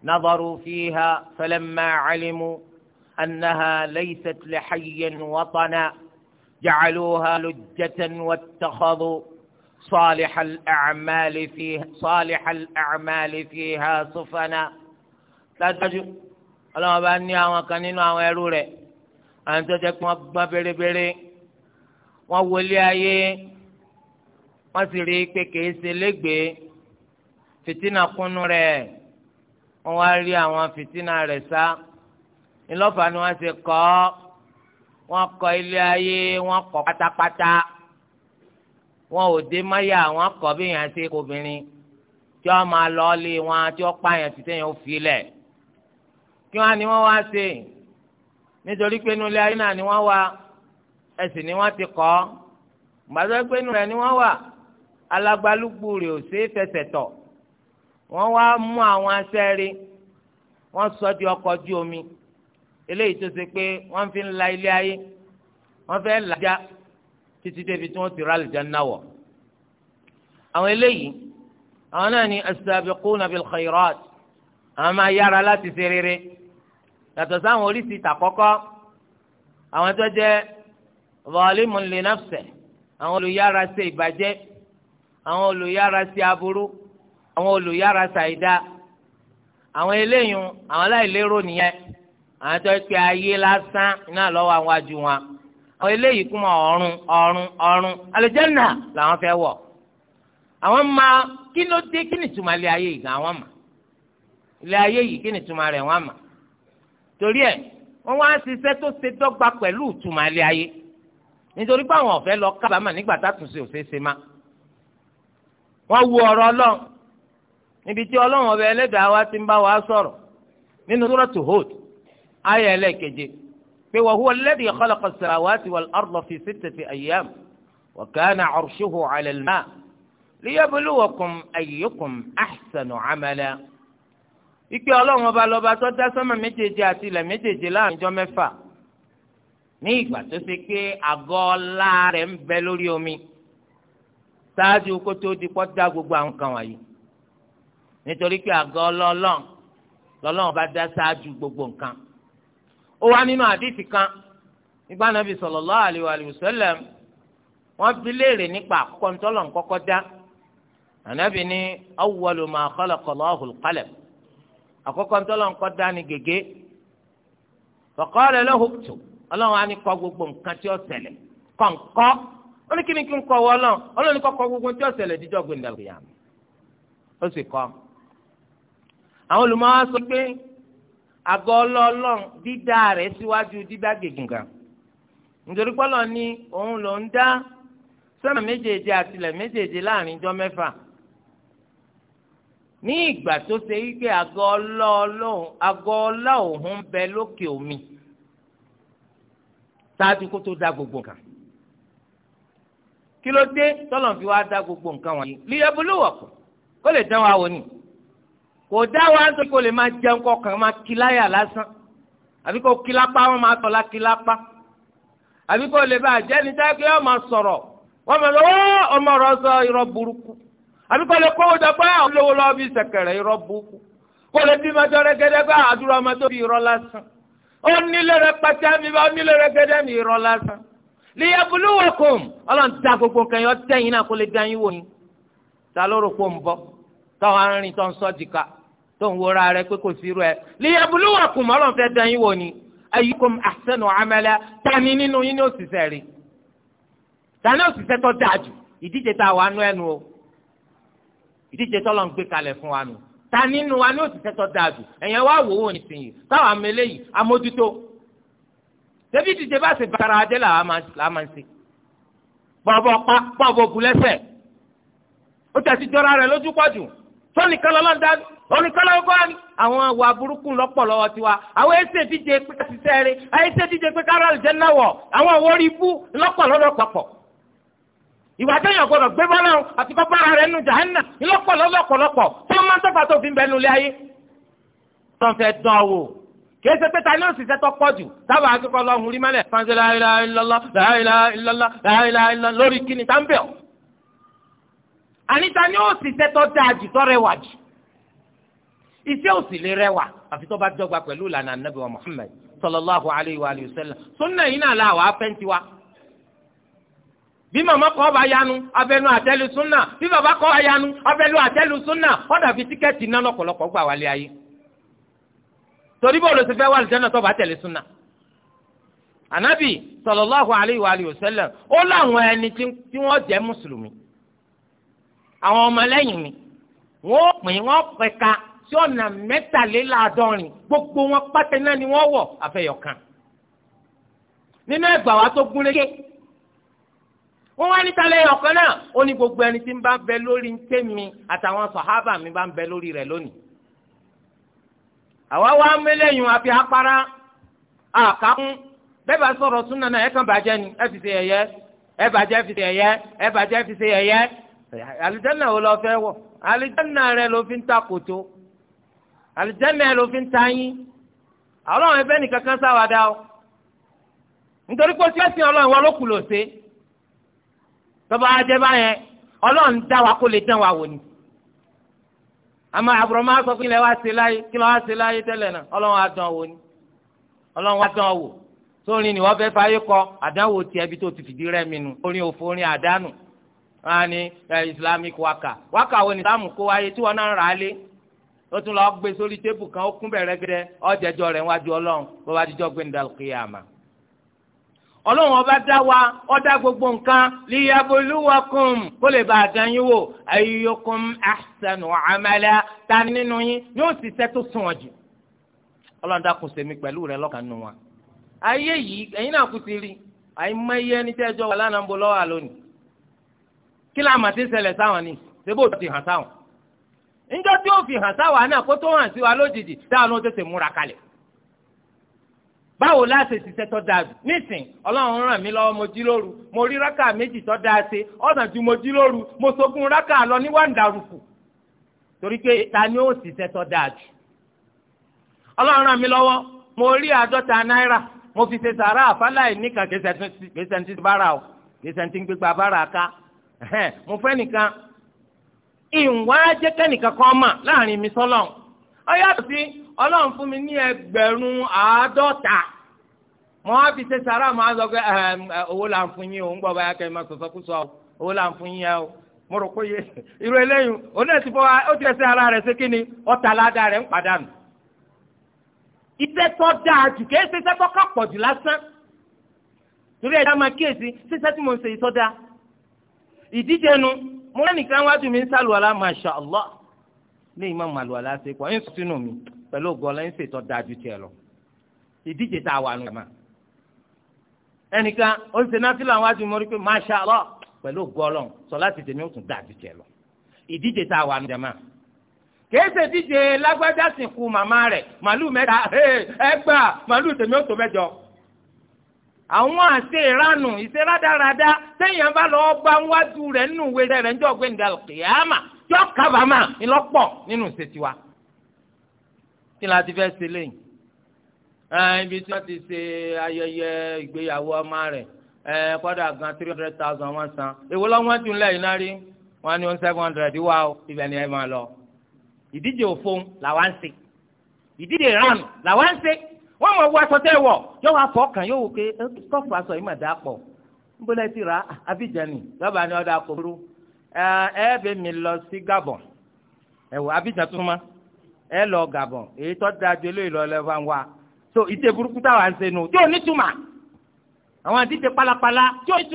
نظروا فيها فلما علموا أنها ليست لحي وطنا جعلوها لجة واتخذوا صالح الأعمال فيها صالح الأعمال فيها سفنا dájú ọlọ́wọ́n bá ní àwọn kan nínú àwọn ẹrú rẹ̀ àwọn tó jẹ́ pé wọ́n gbọ́n bérebére wọ́n wọlé ayé wọ́n sì rí i pé kìí ṣe légbèé fìtínà kúnnú rẹ̀ wọ́n wá rí àwọn fìtínà rẹ̀ sá ńlọ́fà ni wọ́n ṣe kọ́ wọ́n kọ́ ilé ayé wọ́n kọ́ pátápátá wọn ò dé máyà wọn kọ bí yẹn ti obìnrin tí wọn máa lọ lé wọn tí wọn pààyàn ti tẹ̀yìn òfin lẹ̀ kí wọn ni wọn wá ṣe nítorí pé nulẹ̀ ayé náà ni wọn wá ẹ̀sìn ni wọn ti kọ́ gbàdúrà pé nulẹ̀ ni wọn wà alágbálùgbù rẹ̀ ò ṣeé fẹsẹ̀ tọ̀ wọ́n wá mú àwọn asẹ́rí wọ́n sọ di ọkọ̀ ojú omi eléyìí tó ṣe pé wọ́n fi ń la ilé ayé wọ́n fẹ́ làjà títí débi tí wọ́n ti rà àlùjánnà wọ̀. àwọn eléyìí àwọn náà ni as-sabiquna bil khairat àwọn máa yára láti ṣe rere yàtọ̀ sáwọn oríṣi tàkọ́kọ́ àwọn tó jẹ́ zalimun li nafsihi àwọn olùyára ṣe ìbàjẹ́ àwọn olùyára ṣe aburú àwọn olùyára ṣàìdá àwọn eléyìí àwọn aláìlérò nìyẹn àwọn tó pe ayé lásán náà lọ́wọ́ àwọn ajú wọn eléyìí kúmọ ọ̀run ọ̀run ọ̀run àlùjánnà làwọn fẹ́ wọ̀ àwọn máa kí ló dé kí ni túmọ̀ ilé ayé yìí gan àwọn mà ilé ayé yìí kí ni túmọ̀ rẹ̀ wọ́n mà torí ẹ̀ wọ́n wá ṣiṣẹ́ tó ṣe dọ́gba pẹ̀lú túmọ̀ ilé ayé nítorí pé àwọn ọ̀fẹ́ lọ kábàámà nígbà tátúnṣe ò ṣeé ṣe má wọ́n wu ọ̀rọ̀ ọlọ́run níbi tí ọlọ́run ọbẹ̀ ẹlẹ́dàá wa ti ń bá wa sọ̀rọ̀ nínú Suratu Hud ayé ẹlẹ́keje pé wa huwa alladhi khalaqa as-samawati wal-arda fi sittati ayyam wa kana 'arshuhu 'ala al-ma' liyabluwakum ayyukum ahsanu 'amala. ìpè ọlọ́run ọba lọ́ba tó dá sánmà méjèèje àti ilẹ̀ méjèèje láàrin ọjọ́ mẹ́fà ní ìgbà tó ṣe pé àgọ́ ọlá rẹ̀ ń bẹ lórí omi ṣáájú kó tó di pọ́ dá gbogbo àwọn kan wọ̀nyí nítorí pé àgọ́ ọlọ́ọ̀lọ́ọ̀ ó wá nínú àdìsí kan nígbà nàbì sallallahu alaihi wa sallam wọn bi léèrè nípa àkọ́kọ́ ntọ́lọ̀ nkọ́kọ́ dá ànábì ní ntọ́lọ̀ nkọ́ dá ni gègé faqala ọlọ́run á ní kọ gbogbo nǹkan tí ó ó ní kí ni n gbogbo tí ó ó sì kọ́ àgọ́ ọlọ́ọ̀lọ́n dídá rẹ̀ síwájú dídá gègùn gan nítorí pọ́lọ́ ni òun ló ń dá sọ́nà méjèèjì àtìlẹ̀ méjèèjì láàrin ijọ́ mẹ́fà ní ìgbà tó ṣe wípé àgọ́ bẹ lókè omi ṣáájú kó tó dá gbogbo nǹkan kí ló dé tọ́lọ̀ gbogbo nǹkan wọ̀nyí ló wọ̀ kó lè kò dá wa nítorí kò lè máa jẹun kọkàn máa lásán àbí kò wọn máa tọ́lá kí àbí kò lè bá àjẹni tẹ́kẹ́ wọn sọ̀rọ̀ wọn máa lọ ọmọ rọ sọ irọ́ burúkú àbí kò lè ah, olówó lọ́wọ́ bí sẹ̀kẹ̀rẹ̀ irọ́ burúkú kò lè bí máa dọ́rẹ́ bá àdúrà ọmọ tó bí irọ́ lásán tó ń wọra rẹ pé kò sí irú ẹ liyabluwakum Ọlọ́run fẹ́ dán yín wò ni ayyukum ahsanu amala tani nínú yín ní òṣìṣẹ́ rí tani òṣìṣẹ́ tó dáa jù ìdíje tá a wà nú ẹnu o ìdíje tó lọ́n gbé kalẹ̀ fún wa nù ta nínú wa ní òṣìṣẹ́ tó dáa jù ẹ̀yẹn wá wò ó nísìnyí táwọn amẹ́lẹ́ yìí amójútó débi ìdíje bá ṣe bára adé là máa ń ṣe bọ́ọ̀bọ̀ pa bọ́ọ̀bọ̀ bu lẹ́sẹ̀ ó tẹ̀sí jọra rẹ̀ lójú pọ̀ jù sọ́nìkan lọ́lọ́run dá oníkan lọ́wọ́ bá ní. àwọn àwa burúkú lọ́pọ̀ lọ́wọ́ tiwa àwọn ẹsẹ̀ díje pé ká ṣiṣẹ́ rẹ àwọn ẹsẹ̀ díje pé ká rálẹ̀ jẹ́ náwọ̀ àwọn àwọn orí ibú lọ́pọ̀ lọ́dọ̀ papọ̀. ìwà téèyàn gbọdọ̀ gbé bọ́lá àti bàbá rẹ̀ nù jahanna lọ́pọ̀ lọ́lọ́pọ̀lọpọ̀ tó máa ń tọ́fà tó fi ń bẹnu ayé. tọ́fẹ̀ pé ta ni òṣìṣẹ́ tó pọ̀ jù sábà akẹ́kọ̀ọ́ lọ́hùn rí mọ́lẹ̀ fáńsẹ́ láìláìlọ́lá láìláìlọ́lá láìláìlọ́lá lórí kíni tá ń anita ni o si sẹ́tọ́ dáa jù tọ́ rẹwà jù iṣẹ́ ò sì lè rẹwà àfi tó bá dọ́gba pẹ̀lú ìlànà anabi wa Muhammad sallallahu alayhi wa sallam sunna yìí náà la wàá fẹ́ tiwa bí màmá kọ́ bá yanu abẹnú àtẹ́lu sunna bí bàbá kọ́ bá yanu abẹnú àtẹ́lu sunna ọ̀dà fi tíkẹ́ẹ̀tì náà lọ́pọ̀lọpọ̀ gbà wálé ayé torí bó ló ti fẹ́ wà lùjẹ́nà tó bá tẹ̀lé sunna anabi sallallahu alayhi wa sallam ó láwọn ẹni tí wọ́n jẹ́ mùsùlùmí àwọn ọmọlẹ́yìn mi wọ́n pín wọ́n pẹ̀ka sí ọ̀nà mẹ́tàléláàádọ́rin gbogbo wọn pátẹ náà ni wọ́n wọ̀ àfẹyọ̀kan nínú ẹgbà wa tó gúnrégé wọ́n wá níta lẹ́yìn ọ̀kan náà ó ní gbogbo ẹni tí ń bá bẹ lórí ń tẹ́ mi àtàwọn sọ̀hábà mi bá ń bẹ lórí rẹ̀ lónìí àwa wá mẹ́lẹ́yìn àfi apara àkàkún bẹ́ẹ̀ bá sọ̀rọ̀ súnà náà ẹ̀ kàn bàjẹ́ ni ẹ̀ fi ṣe ẹ̀yẹ ẹ̀ bàjẹ́ fi ṣe ẹ̀yẹ ẹ̀ bàjẹ́ fi ṣe ẹ̀yẹ alijanna wo lọ fẹ́ wọ̀ alijanna rẹ ló fi ń ta kòtò alijanna rẹ ló fi ń ta yín Ọlọ́run ẹ̀bẹ̀ nìkan kan sáwàdà o nítorí pé sẹ́sì Ọlọ́run wọn ló kù lò sí tọba ajẹ báyẹn Ọlọ́run dá wa kó lè dán wa wò ni àmọ́ àbúrò máa sọ fún ilẹ̀ wa ṣe láyé kí lọ́wọ́ ṣe láyé tẹ́lẹ̀ náà Ọlọ́run á dán wò ni Ọlọ́run á dán wò sórin ni wọ́n fẹ́ fayé kọ àdánwò tiẹ̀ bí tó ti fìdí rẹ́mi nu orin òfò orin àdánù wọn á eh, islamic waka waka wo ni sáàmù kó wáyé tí wọn náà rà á lé ó tún lọ gbé sórí tébù kan ó kún bẹ̀rẹ̀ gẹ́gẹ́ ọ̀jẹ̀jọ́ rẹ̀ wájú ọlọ́run bó bá dijọ́ gbé nídàá kíyàmà. ọlọ́run ọba dá wa ọ̀dá gbogbo nǹkan liyabuluwakum kó lè bá àdán yín wò ayyukum ahsanu amala ta nínú yín yóò sì ṣe tó sunwọ̀n jù. ọlọ́run dákun sèmi pẹ̀lú rẹ lọ́kàn nù wọn. ayé yìí ẹ̀yin náà kú rí àyè kí la mà ti ṣẹlẹ̀ sáwọn ni sebo ti hàn sáwọn níjọ́ tí ó fi hàn sáwọn náà kó tó hàn sí wa lójijì táwọn ló tètè múra kalẹ̀ báwo la ṣe ṣiṣẹ́ tó dáa jù nísìn ọlọ́run ràn mí lọ́wọ́ mo jí lóru mo rí rákà méjì tó dáa ṣe ọ̀nà ju mo jí lóru mo sogún rákà lọ ní wàǹdàrúfù torí pé ta ni ó ṣiṣẹ́ tó dáa jù ọlọ́run ràn mí lọ́wọ́ mo rí àádọ́ta náírà mo fi ṣe sàrà àfáláì ní kàkẹ́sẹ̀ tí bára o kẹ́sẹ̀ tí gbégbá bára ká mo fẹ́ nìkan ìwà jẹ́kẹ́nìkan kan láàrin mi sọ́lọ́n ọ sí ọlọ́run fún mi ní ẹgbẹ̀rún àádọ́ta mo wá fi ṣe sàrà mo sọ pé owó là ń fún o ń gbọ́ báyà kẹ́ ẹ máa sọ̀sọ́ kú o mo rò pé irú eléyìí fọ́ ó ara rẹ̀ kí ni rẹ̀ ń padànù dáa jù ṣe iṣẹ́ tó pọ̀ jù lásán torí ẹ̀dá máa kíyèsí ṣíṣẹ́ ìdíje nu mo rẹ́ nìkan wájú mi ń sàlùwàlá masha allah lé ìmọ̀ màlúwàlá ṣe pọ̀ ń sùnù mi pẹ̀lú ògọ́lá ń ṣètò dájú tiẹ̀ lọ ìdíje tá a wà nù. ẹnìkan ó ń ṣe náfìlà wájú mo rí pé masha allah pẹ̀lú ògọ́lá sọ láti tèmi ó tún dájú tiẹ̀ lọ ìdíje tá a wà nù jẹ̀mọ́ kèése díje lágbájá sìnkú màmá rẹ̀ màlúù mẹ́ta ẹgbàá màlúù tèmi ó tó mẹ́jọ àwọn àṣe ìranù ìṣe rádaràda sẹ́yìn bá lọ́ọ́ gba wájú rẹ̀ nínú ìwé rẹ̀ ń jọ gbé ní dàlùkìyàmà jọ kábàámà ńlọ́pọ̀ nínú ìṣètìwá. kí la ti fẹ́ ṣe lẹ́yìn. ibi tí wọ́n ti ṣe ayẹyẹ ìgbéyàwó ọmọ rẹ̀ kọ́dà gan three hundred thousand wọ́n san èwo lọ́wọ́n tún lẹ́yìn náà rí wọ́n ní seven hundred wá o ibẹ̀ ni ẹ máa lọ. ìdíje òfo làwọn ń ṣe ìdíje ìranù làwọn ń ṣe wọ́n mọ̀ wọ aṣọ tẹ́ wọ̀ yóò wá fọ́ kàn yóò wò pé aṣọ Abidjan ni lọ́ba ni ọ̀dà kò burú ẹ bẹ mi lọ sí Gabon ẹ Abidjan tó ma ẹ lọ Gabon èyí tó da ju eléyìí lọ wa so ìdè burúkú táwa ń ṣe nù tí ò ní túmà àwọn àdíje pálapàla tí ò ní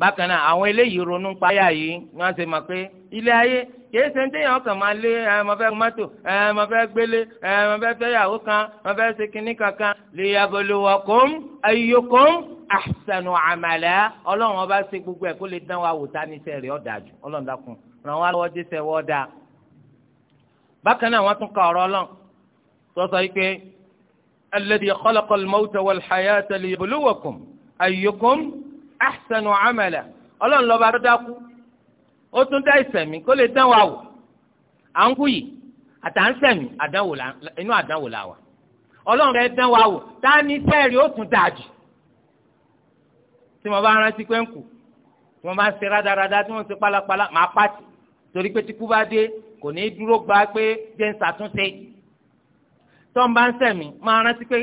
bákan náà àwọn eléyìí ronú pa ayé yìí ni wọ́n ṣe mọ̀ pé ilé ayé kìí ṣe ń téèyàn kàn máa lé ẹ mo fẹ́ mọ́tò ẹ mo fẹ́ gbélé ẹ mo fẹ́ fẹ́yàwó kan mo fẹ́ ṣe kinní kankan liyabluwakum ayyukum ahsanu amala ọlọ́run ọba ṣe gbogbo ẹ̀ kó lè dán wa wò tá ní sẹ́ẹ̀rì ọ̀dà jù ọlọ́run dákun ràn wá lọ́wọ́ dé sẹ́wọ́ dáa bákan náà wọ́n tún ka ọ̀rọ̀ ọlọ́run sọ́sọ́ yìí pé alladhi khalaqal mawta wal hayata liyabluwakum ahsanu amala ọlọ́run lọ́ba tó dákú ó tún dá ìsẹ̀mí kó lè wa à ń kú yìí àtàǹsẹ̀mí inú àdánwò wa tá a ní sẹ́ẹ̀rì ó tún dáa tí mo bá rántí pé ń kù tí mo bá ń ṣe rádaràda tí mo ń gba pé jẹ́ ń ń bá ń sẹ̀mí máa rántí pé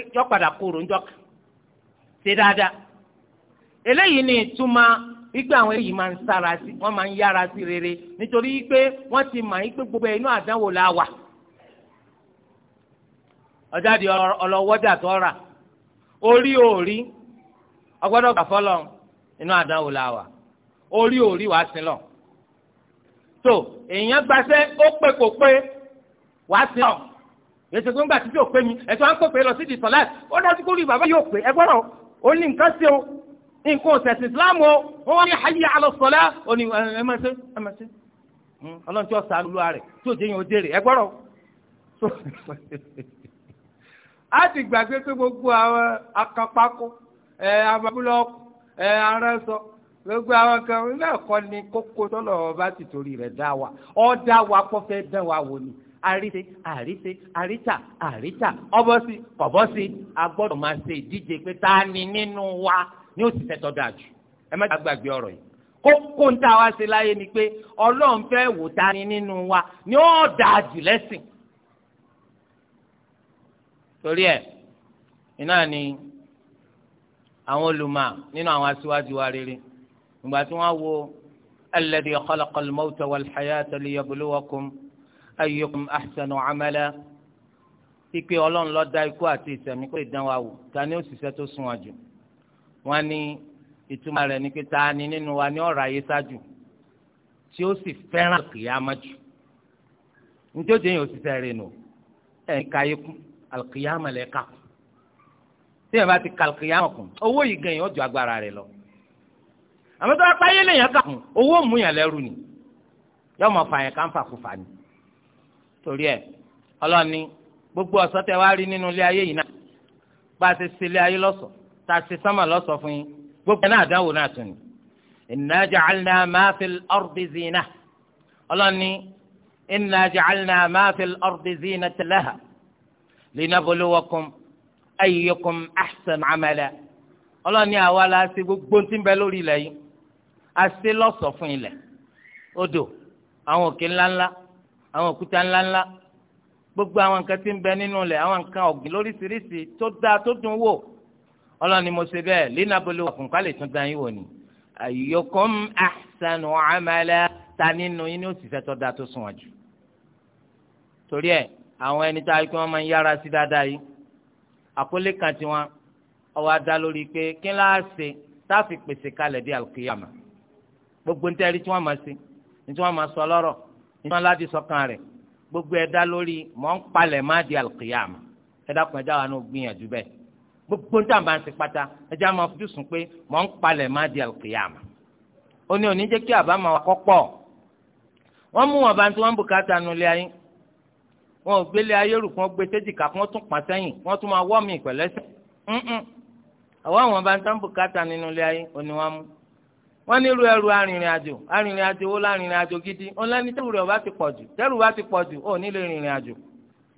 eléyìí ni ìtumọ̀ wípé àwọn èyí máa ń sára sí wọ́n máa ń yára sí rere nítorí wípé wọ́n ti mọ̀ wípé gbogbo inú àdánwò la wà ọjà di ọlọ́wọ́jà tó rà orí òrí ọgbọ́dọ̀ gbà fọlọ́ inú àdánwò la wà orí òrí wàá sin lọ tó èèyàn gbaṣẹ́ ó pé kò pé wàá sin lọ èsì pé ńgbà títí ò pé mi ẹ̀sùn à ń pè pé lọ sí ìdìtọ̀ láti ó dájú kó rí bàbá yóò pé ẹgbọ́n náà ó ní nǹkan ṣe o nǹkan ọ̀sẹ̀sìn islam o wọ́n wá ní hayya ala salah ó ní ẹ máa ṣe ẹ máa ṣe hmm, ọlọ́run tí ó sàánú lu ààrẹ tí ò jẹ́yìn òde rẹ̀ ẹ gbọ́rọ̀ a ti gbàgbé pé gbogbo àwọn akapako ẹ ababulọ́ọ̀kù ẹ aránṣọ gbogbo àwọn kan náà kọ́ ni kókó tọ́lọ̀ ọba ti torí rẹ̀ dá wa ọ́ dá wa kọ́ fẹ́ dán wa wò ni àríṣe àríṣe àríṣà àríṣà ọbọ̀sí kọ̀bọ̀sí a gbọ́dọ̀ máa ṣe ìdíje pé ta ni nínú wa ní òṣìṣẹ́ tó dáa jù ẹ má gbàgbé ọ̀rọ̀ yìí kókó ń tà wá sí láyé ni pé ọlọ́run fẹ́ wò ta ni nínú wa ni ó dáa jù lẹ́sìn torí ẹ̀ iná ni àwọn olùmọ̀ nínú àwọn aṣíwájú wa rere ìgbà tí wọ́n wo alladhi khalaqa al-mawta wal-hayata liyabluwakum ayyukum ìpè ọlọ́run ló ikú àti ìṣẹ̀mí kó ìdánwò ta ni ó ṣiṣẹ́ tó sunwọ̀n jù wọ́n ní ìtumọ̀ rẹ̀ ní pé ta ni nínú wa ní ọ̀rọ̀ ayé ṣáájú tí ó sì fẹ́ràn kìyàmá jù nítorí tí yóò ṣiṣẹ́ rẹ̀ nù ẹ̀ ń ka ayé kún alùkìyàmá lẹ̀ ká kún tí yẹn bá ti ka alùkìyàmá kún owó yìí gan yẹn ó ju agbára rẹ̀ lọ àmọ́ tó bá pa ayé lè ká kún owó mú yàn lẹ́rù ni yọ mọ̀ fà yẹn ká ń fà kú fà ni torí ẹ̀ ọlọ́ni gbogbo ọ̀sán wá rí nínú ilé ayé yìí náà bá a ti ṣe ilé ayé lọ́sọ̀ọ́ tá a ṣe sánmà lọ́sọ̀ fún yín gbogbo náà àdánwò náà tún ni. inna ja'alna ma fil ardi zina ọlọ́ni inna ja'alna ma fil ardi zinatan laha linabluwakum ayyukum ahsanu amala ọlọ́ni àwa la ṣe gbogbo tí ń bẹ lórí ilẹ̀ yìí a ṣe lọ́sọ̀ fún ilẹ̀ odò àwọn òkè ńláńlá àwọn òkúta ńláńlá gbogbo àwọn nǹkan tí ń bẹ nínú ilẹ̀ àwọn nǹkan ọ̀gbìn lóríṣiríṣi tó dáa tó dùn wò ọlọ́ni mo ṣe bẹ́ẹ̀ lẹ́nàbọ̀lẹ́ òkun ká lè tún dán yín wò ni. ayyukum ahsanu amala ta nínú yín ní òṣìṣẹ́ tó da tó sùn wájú. torí ẹ àwọn ẹni tá a kí wọ́n máa ń yára sí dáadáa yìí àkọlé kan tiwọn ọwọ́ adá lórí pé kí n láà ṣe tá a fi pèsè kalẹ̀ dé alùkìyàmà gbogbo ń tẹ́rí tí wọ́n máa ṣe ní tí wọ́n máa sọ lọ́rọ̀ ní tí wọ́n láti sọkàn rẹ̀ gbogbo ẹ̀dá lórí mọ̀ ń palẹ̀ má di alùkìyàmà ẹ̀dá kan ẹ̀dá wa náà gbìyànjú bẹ́ẹ̀ gbogbo ń tàbá ti pata ẹjẹ àwọn afojúsùn pé mọ̀ ń palẹ̀ má di àlùkìyàmà ó ní òní jẹ́ kí àbámọ̀ wa kọ́ pọ̀ wọ́n mú wọn bá tí wọ́n ń bùkátà nulẹ̀ ayé wọn ò gbélé ayé rù kún gbé séjìká kún tún pa sẹ́yìn wọ́n tún máa wọ́ mi ìpẹ̀lẹ́sẹ̀ ńǹǹ àwọn àwọn bá tí wọ́n ń bùkátà nínú ilé ayé òní wọn mú wọ́n nílò ẹrù arìnrìn àjò arìnrìn àjò ó lárìnrìn àjò gidi ó lẹ́ni tẹ́rù rẹ̀ bá ti pọ̀ jù tẹ́rù bá ti pọ̀ jù ó nílò ìrìnrìn àjò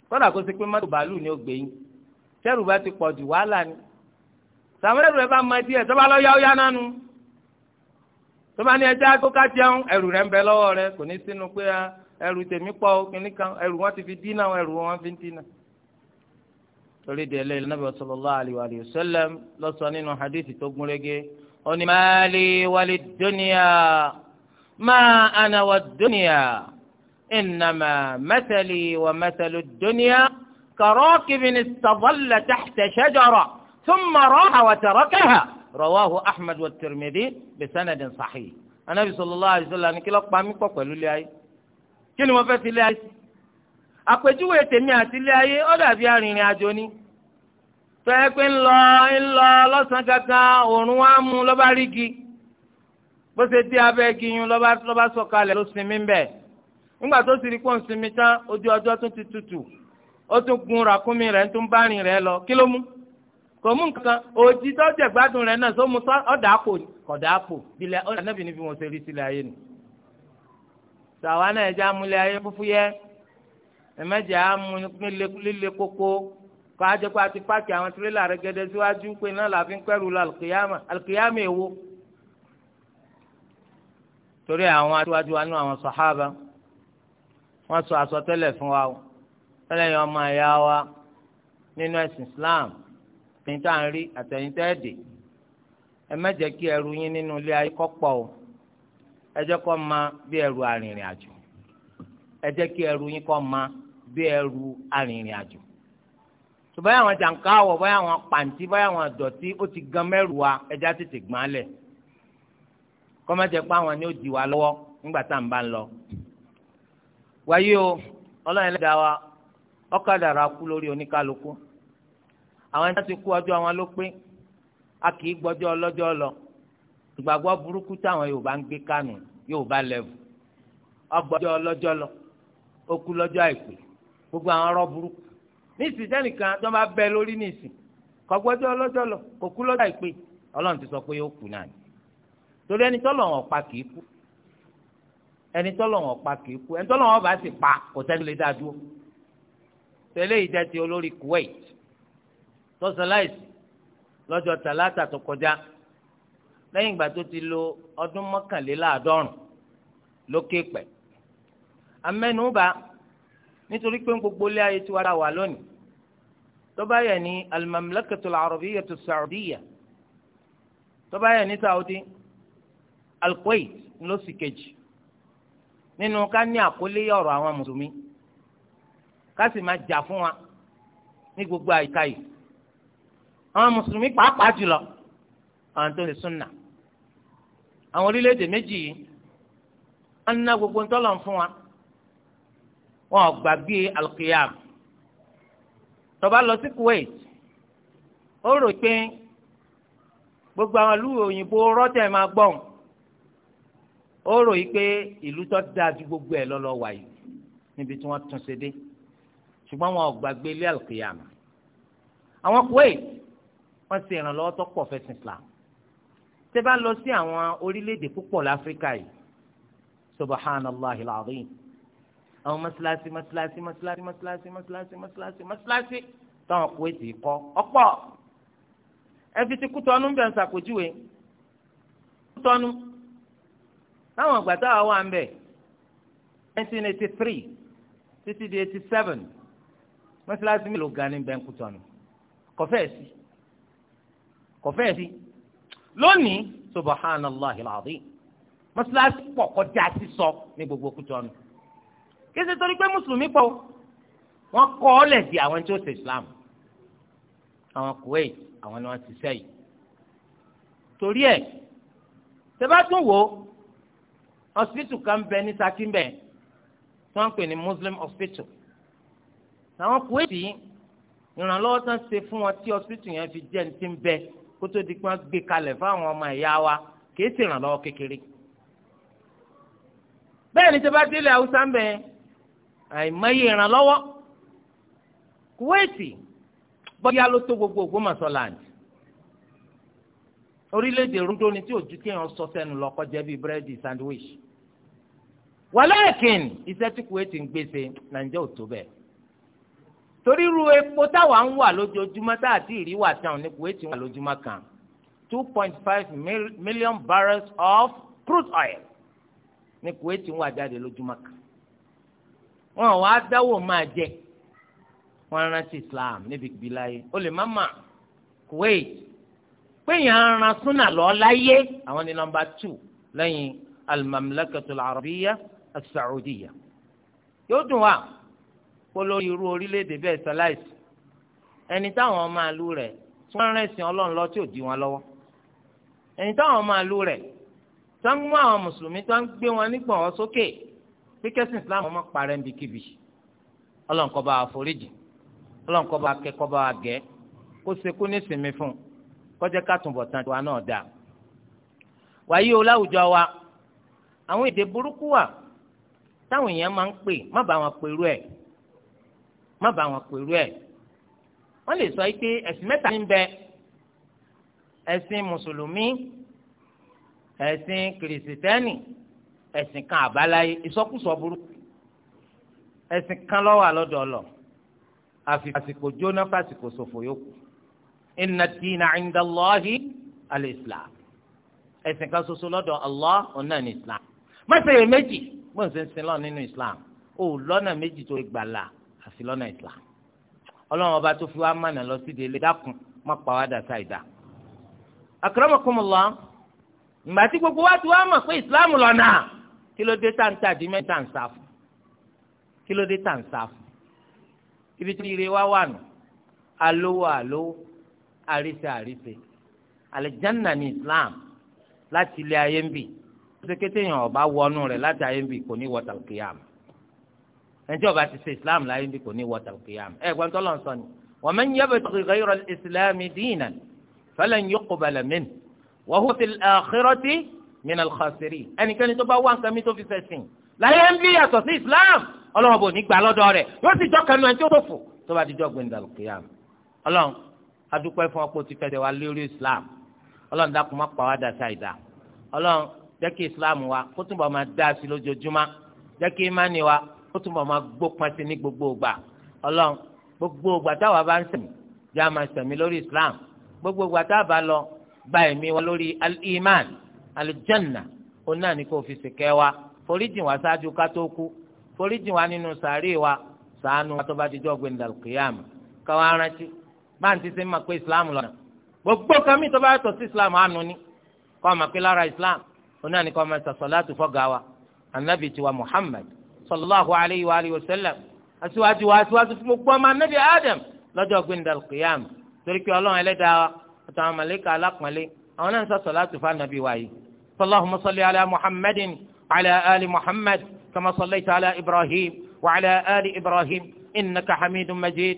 kọ́dà kó ṣe pé mọ́tò bàálù ni ó gbé yín tẹ́rù bá ti pọ̀ jù wàhálà ni sàmúlẹ̀ rẹ̀ bá máa díẹ̀ tọ́ba lọ yáwó yáná nu tọ́ba ní ẹja tó ká jẹun ẹrù rẹ̀ ń bẹ lọ́wọ́ rẹ̀ kò ní sínú pé ah, ẹrù tèmi pọ̀ kínní kan ẹrù wọn ti fi dínà ẹrù wọn fi ń dínà. torí délé nàbẹ sallallahu alaihi wa sallam lọsọ nínú hadith tó gúnrégé ó ní mali wali dunya ma ana wa dunya innama mathali wa mathalu dunya. كراكب استظل تحت شجرة ثم راح وتركها رواه أحمد والترمذي بسند صحيح النبي صلى الله عليه وسلم kí ló pa mí pọ̀ pẹ̀lú ilé ayé kí ni mo fẹ́ ti ilé ayé àpèjúwe tèmi àti ilé ayé ó dàbí arìnrìn àjò ni fẹ́ẹ́ pé ń lọ ń lọ lọ́sàn-án kankan òórùn wa mú lọ́ba rígi bó ṣe dé abẹ́ igi yun lọ́ba lọ́ba sọ̀kalẹ̀ ló sinmi ń bẹ̀ nígbà tó sì rí pọ̀ ń sinmi tán ojú ọjọ́ tó ti tutù ó tún gun ràkúnmí rẹ̀ ń tún bá rìn rẹ̀ lọ kí ló mú kò mú nǹkan òjì tó jẹ gbádùn rẹ̀ náà sómu sọ ọdà àpò kọdà àpò bílẹ ọdà nàbì ní fi wọn ṣe rí sílẹ̀ ayé nu sàwa náà ẹjẹ amúlẹ ayé fúfú yẹ ẹmẹjẹ amú líle koko kọ ajẹ pé a ti pààkì àwọn tirẹlà rẹ̀ gẹdẹ síwájú pé náà làá fi ń pẹrù lọ àlùkìyàmà àlùkìyàmà èwo torí àwọn aṣíwájú wa nínú àwọn sàhábà lẹ́yìn ọmọ ẹ̀yà wa nínú ẹ̀sìn Islam ní tá à ń rí àtẹ̀yìn tẹ́ẹ̀dì ẹ má jẹ́ kí ẹrù yín nínú ilé ayé kó pọ̀ o ẹ jẹ́ kó ma bí ẹrù arìnrìn àjò ẹ jẹ́ kí ẹrù yín kó ma bí ẹrù arìnrìn àjò ṣùgbọ́n àwọn jàǹká wọ̀ bóyá àwọn pàǹtí bóyá àwọn àdọ̀tí ó ti gan mẹ́rù wa ẹja tètè gbọ́n lẹ̀ kó má jẹ́ pé àwọn ni ó di wa lọ́wọ́ nígbà tá à ń bá ń lọ. wáyé o ọlọ́run ẹlẹ́dàá wa ọ̀kadà ra kú lórí oníkálukú àwọn ẹni tí kú ọjọ́ wọn ló pé a kì í gbọ́jọ́ ọlọ́jọ́ lọ ìgbàgbọ́ burúkú táwọn Yorùbá ń gbé kánú Yorùbá lẹ́wù ọgbọ́jọ́ ọlọ́jọ́ lọ ó kú lọ́jọ́ àìpé gbogbo àwọn ọ̀rọ̀ burúkú ní ìsìn sẹ́nìkan tó bá bẹ lórí ní ìsìn kọ́gbọ́jọ́ lọ kò kú lọ́jọ́ àìpé ti sọ pé ó kú náà ni torí ẹni tọ́lọ̀ wọn pa kì í kú ẹni tọ́lọ̀ wọn pa kì í kú ẹni tọ́lọ̀ wọn bá ti pa kò tẹ́lẹ̀ ìdẹ́tì olórí Kuwait tọ́sánláìsì lọ́jọ́ tàlátà tó kọjá lẹ́yìn ìgbà tó ti lo ọdún mọ́kànléláàádọ́rùn lókè pẹ̀ amẹ́nubà nítorí pé gbogbo ilé ayé tiwa wà lónìí tó bá yẹ ní al-Mamlakatu al-Arabiyyatu as-Saudiyya tó bá Saudi al-Kuwait ló sì kejì nínú ká ní àkólé ọ̀rọ̀ àwọn mùsùlùmí ká sì máa jà fún wa ní gbogbo àyíká yìí àwọn mùsùlùmí pàápàá jùlọ àwọn tó lè súnà àwọn orílẹ̀-èdè méjì yìí wọ́n ná gbogbo ń fún wa wọn ò gbàgbé alqiyam tó bá lọ sí Kuwait ó rò pé gbogbo àwọn ìlú òyìnbó rọ́tẹ̀ máa gbọ́n ó rò yìí pé ìlú tó dáa ju gbogbo ẹ̀ lọ́lọ́ wà níbi tí wọ́n tún ṣe dé ṣùgbọ́n wọn ò gbàgbé ilé àlùkìyàmà àwọn Kuwait wọ́n ṣe ìrànlọ́wọ́ tó pọ̀ fẹ́sìn Islam tẹ́ bá lọ sí àwọn orílẹ̀-èdè púpọ̀ láfíríkà yìí subhanallah alazim àwọn mọ́sálásí mọ́sálásí mọ́sálásí mọ́sálásí mọ́sálásí mọ́sálásí mọ́sálásí táwọn Kuwait yìí kọ́ ọ̀pọ̀ ẹ fi ti Kútọ́nù bẹ̀ ń ṣàpèjúwe Kútọ́nù táwọn àgbàtà wà ń bẹ̀ nineteen títí di eighty mọ́sálásí mélòó gan ni bẹ́ẹ̀ ń kútọ́ ni kọfẹ́ẹ̀sì kọfẹ́ẹ̀sì lónìí subahánàláhi alazim mọ́sálásí pọ̀ kọjá sí sọ ní gbogbo kútọ́ ni kí ṣe torí pé mùsùlùmí pọ̀ wọ́n kọ́ ọ lẹ̀ di àwọn tí ó ṣe islam àwọn kuwait àwọn ni wọ́n ti sẹ́ torí ẹ̀ tẹ́bá tún wò kan bẹ ní sakinbẹ tí wọ́n ń pè ní muslim hospital àwọn kuwaiti ìrànlọ́wọ́ tán ṣe fún wọn tí ọsibítù yẹn fi jẹ́ ní ti ń bẹ kó tó di pé wọ́n gbé kalẹ̀ fáwọn ọmọ ìyá wa kìí ṣe ìrànlọ́wọ́ kékeré. bẹ́ẹ̀ ni tẹ́bá délé haúsá ń bẹ àìmọye ìrànlọ́wọ́ kuwaiti bọ́yá ló tó gbogbo Ògbómọ̀ṣọ́ land orílẹ̀-èdè rúndó ni tí òjú kéèyàn sọ sẹ́nu lọ kọjá bíi búrẹ́dì sandwich wàlẹ́ẹ̀kìn iṣẹ́ tí kuwaiti ń gbèsè nàìjẹ́ ò bẹ́ẹ̀ torí ru epo táwa ń wà lójoojúmọ́ tá àti ìrí wà ní Kuwait wà lójúmọ́ kan two point five million barrels of crude oil ní Kuwait wà jáde lójúmọ́ kan wọn wá dáwọ́ máa jẹ wọn rántí Islam níbi ìbí láyé ó lè má mà Kuwait péyàn aran súnà lọ láyé àwọn ní nọ́mbà tù lẹ́yìn al-Mamlakatul Arabiyya as-Saudiyya yóò dùn wá polórí irú orílẹ̀-èdè bẹ́ẹ̀ sáláìsì ẹni táwọn ọmọ àlú rẹ̀ tí wọ́n rẹ̀sìn ọlọ́run lọ tí ò di wọn lọ́wọ́ ẹni táwọn ọmọ àlú rẹ̀ tí wọ́n mú àwọn mùsùlùmí tí wọ́n gbé wọn nígbọ̀n wọn sókè pé kẹ́sìn islam ọmọ parẹ́ níbi kíbi ọlọ́run kó bá wa foríjì ọlọ́run kó bá wa kẹ́ kó bá wa gẹ́ kó sekú ní sinmi fún kó jẹ́ ká túnbọ̀ tán tiwa náà dáa wàyí o láwùjọ wa àwọn èdè burúkú wà táwọn èèyàn máa ń pè má bá wọn pèrú ẹ̀ má bá wọn pẹ̀lú ẹ̀ wọ́n lè sọ pé ẹ̀sìn mẹ́ta ń bẹ ẹ̀sìn mùsùlùmí ẹ̀sìn kìrìsìtẹ́nì ẹ̀sìn kan àbáláyé ìsọkúsọ burúkú ẹ̀sìn kan lọ́wọ́ àlọ́dọ̀ ọlọ àsìkò jóná fásìkò ṣòfò yòókù inna dina inda Allahi al-Islam ẹ̀sìn kan ṣoṣo lọ́dọ̀ Allah ọ̀nà ní Islam má ṣe iyèméjì ń sin lọ nínú Islam ó lọ́nà méjì tó gbà láà àfi lọ́nà ìlà ọlọ́run ọba tó fi wá mànà lọ sí délé dákun má pa wá dà sáì dá. akramakumullah ìgbà tí gbogbo wa ti wá mọ̀ pé islam lọ́nà kí ló dé tá n ta àdìmẹ́ tá n sá fún kí ló dé tá n sá fún ibi tí ire wa wà nù alówó alówó àríṣe àríṣe àlìjánà ní islam láti ilé ayé ń bì ó ṣe kété yẹn ọba wọnú rẹ̀ láti ayé ń bì kò ní wọ́tà kìyàmù ẹnjẹ́ ọba ti ṣe islam láyé bí kò ní wọ́tà òkèèyàn ẹ gbọ́n tó lọ́n sọ ni wa man yabtaghi ghayra al-islam dinan falan yuqbala minhu wa huwa fil akhirati min al-khasirin ẹnikẹ́ni tó bá wá nǹkan mi tó fi ṣẹ̀sìn láyé ń bí yàtọ̀ sí islam ọlọ́run bò ní gbà lọ́dọ̀ rẹ̀ yóò sì jọ kanu ẹni tó tó fò tó bá dijọ́ gbẹ̀ndà òkèèyàn ọlọ́run adúpẹ́ fún ó tún bọ̀ máa gbó pàṣẹ ní gbogbo ìgbà ọlọ́run gbogbo ìgbà táwa bá ń sẹ̀mí jẹ́ àmà sẹ̀mí lórí islam gbogbo ìgbà táwa bá lọ bá ẹ̀mí wa lórí al-iman al-janna òun náà ní kò fi sèkẹ́ wa foríjìn wa ṣáájú ká tó kú foríjìn wa nínú sàárè wa ṣàánú wa tó bá dijọ́ gbẹ̀ndà kìyàmù káwa rántí bá ń ti sẹ́ máa pé islam lọ́nà gbogbo kàmí tó bá yàtọ̀ sí islam àánú ni kọ́ máa pé lára islam òun náà ní kọ́ máa ṣe sàlátù fọ́gá wa anabi tiwa muhammad sallallahu alayhi wa alihi wa sallam aṣíwájú wa aṣíwájú fún gbogbo ọmọ anabi adam lọ́jọ́ gbẹndàl qiyam torí pé Ọlọ́run Ẹlẹ́dàá àtàwọn màlàíkà alápọ̀nlé àwọn náà ń sọ sọláàtù fún anabi wa yìí sallallahu salli ala muhammadin ala ali muhammad kama sallaita ala ibrahim wa ala ali ibrahim innaka hamidun majid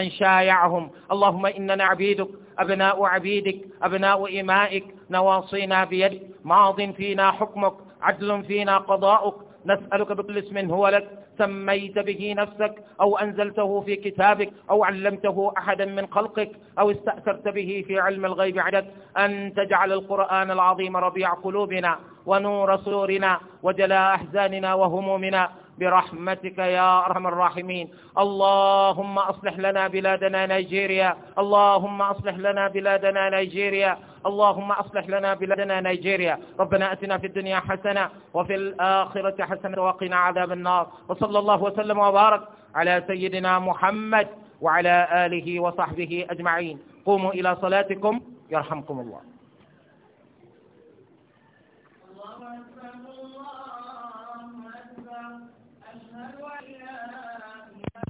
من شايعهم اللهم إننا عبيدك أبناء عبيدك أبناء إمائك نواصينا بيدك ماض فينا حكمك عدل فينا قضاؤك نسألك بكل اسم هو لك سميت به نفسك أو أنزلته في كتابك أو علمته أحدا من خلقك أو استأثرت به في علم الغيب عدد أن تجعل القرآن العظيم ربيع قلوبنا ونور صدورنا وجلاء أحزاننا وهمومنا برحمتك يا أرحم الراحمين اللهم أصلح لنا بلادنا نيجيريا اللهم أصلح لنا بلادنا نيجيريا اللهم أصلح لنا بلادنا نيجيريا ربنا أتنا في الدنيا حسنة وفي الآخرة حسنة وقنا عذاب النار وصلى الله وسلم وبارك على سيدنا محمد وعلى آله وصحبه أجمعين قوموا إلى صلاتكم يرحمكم الله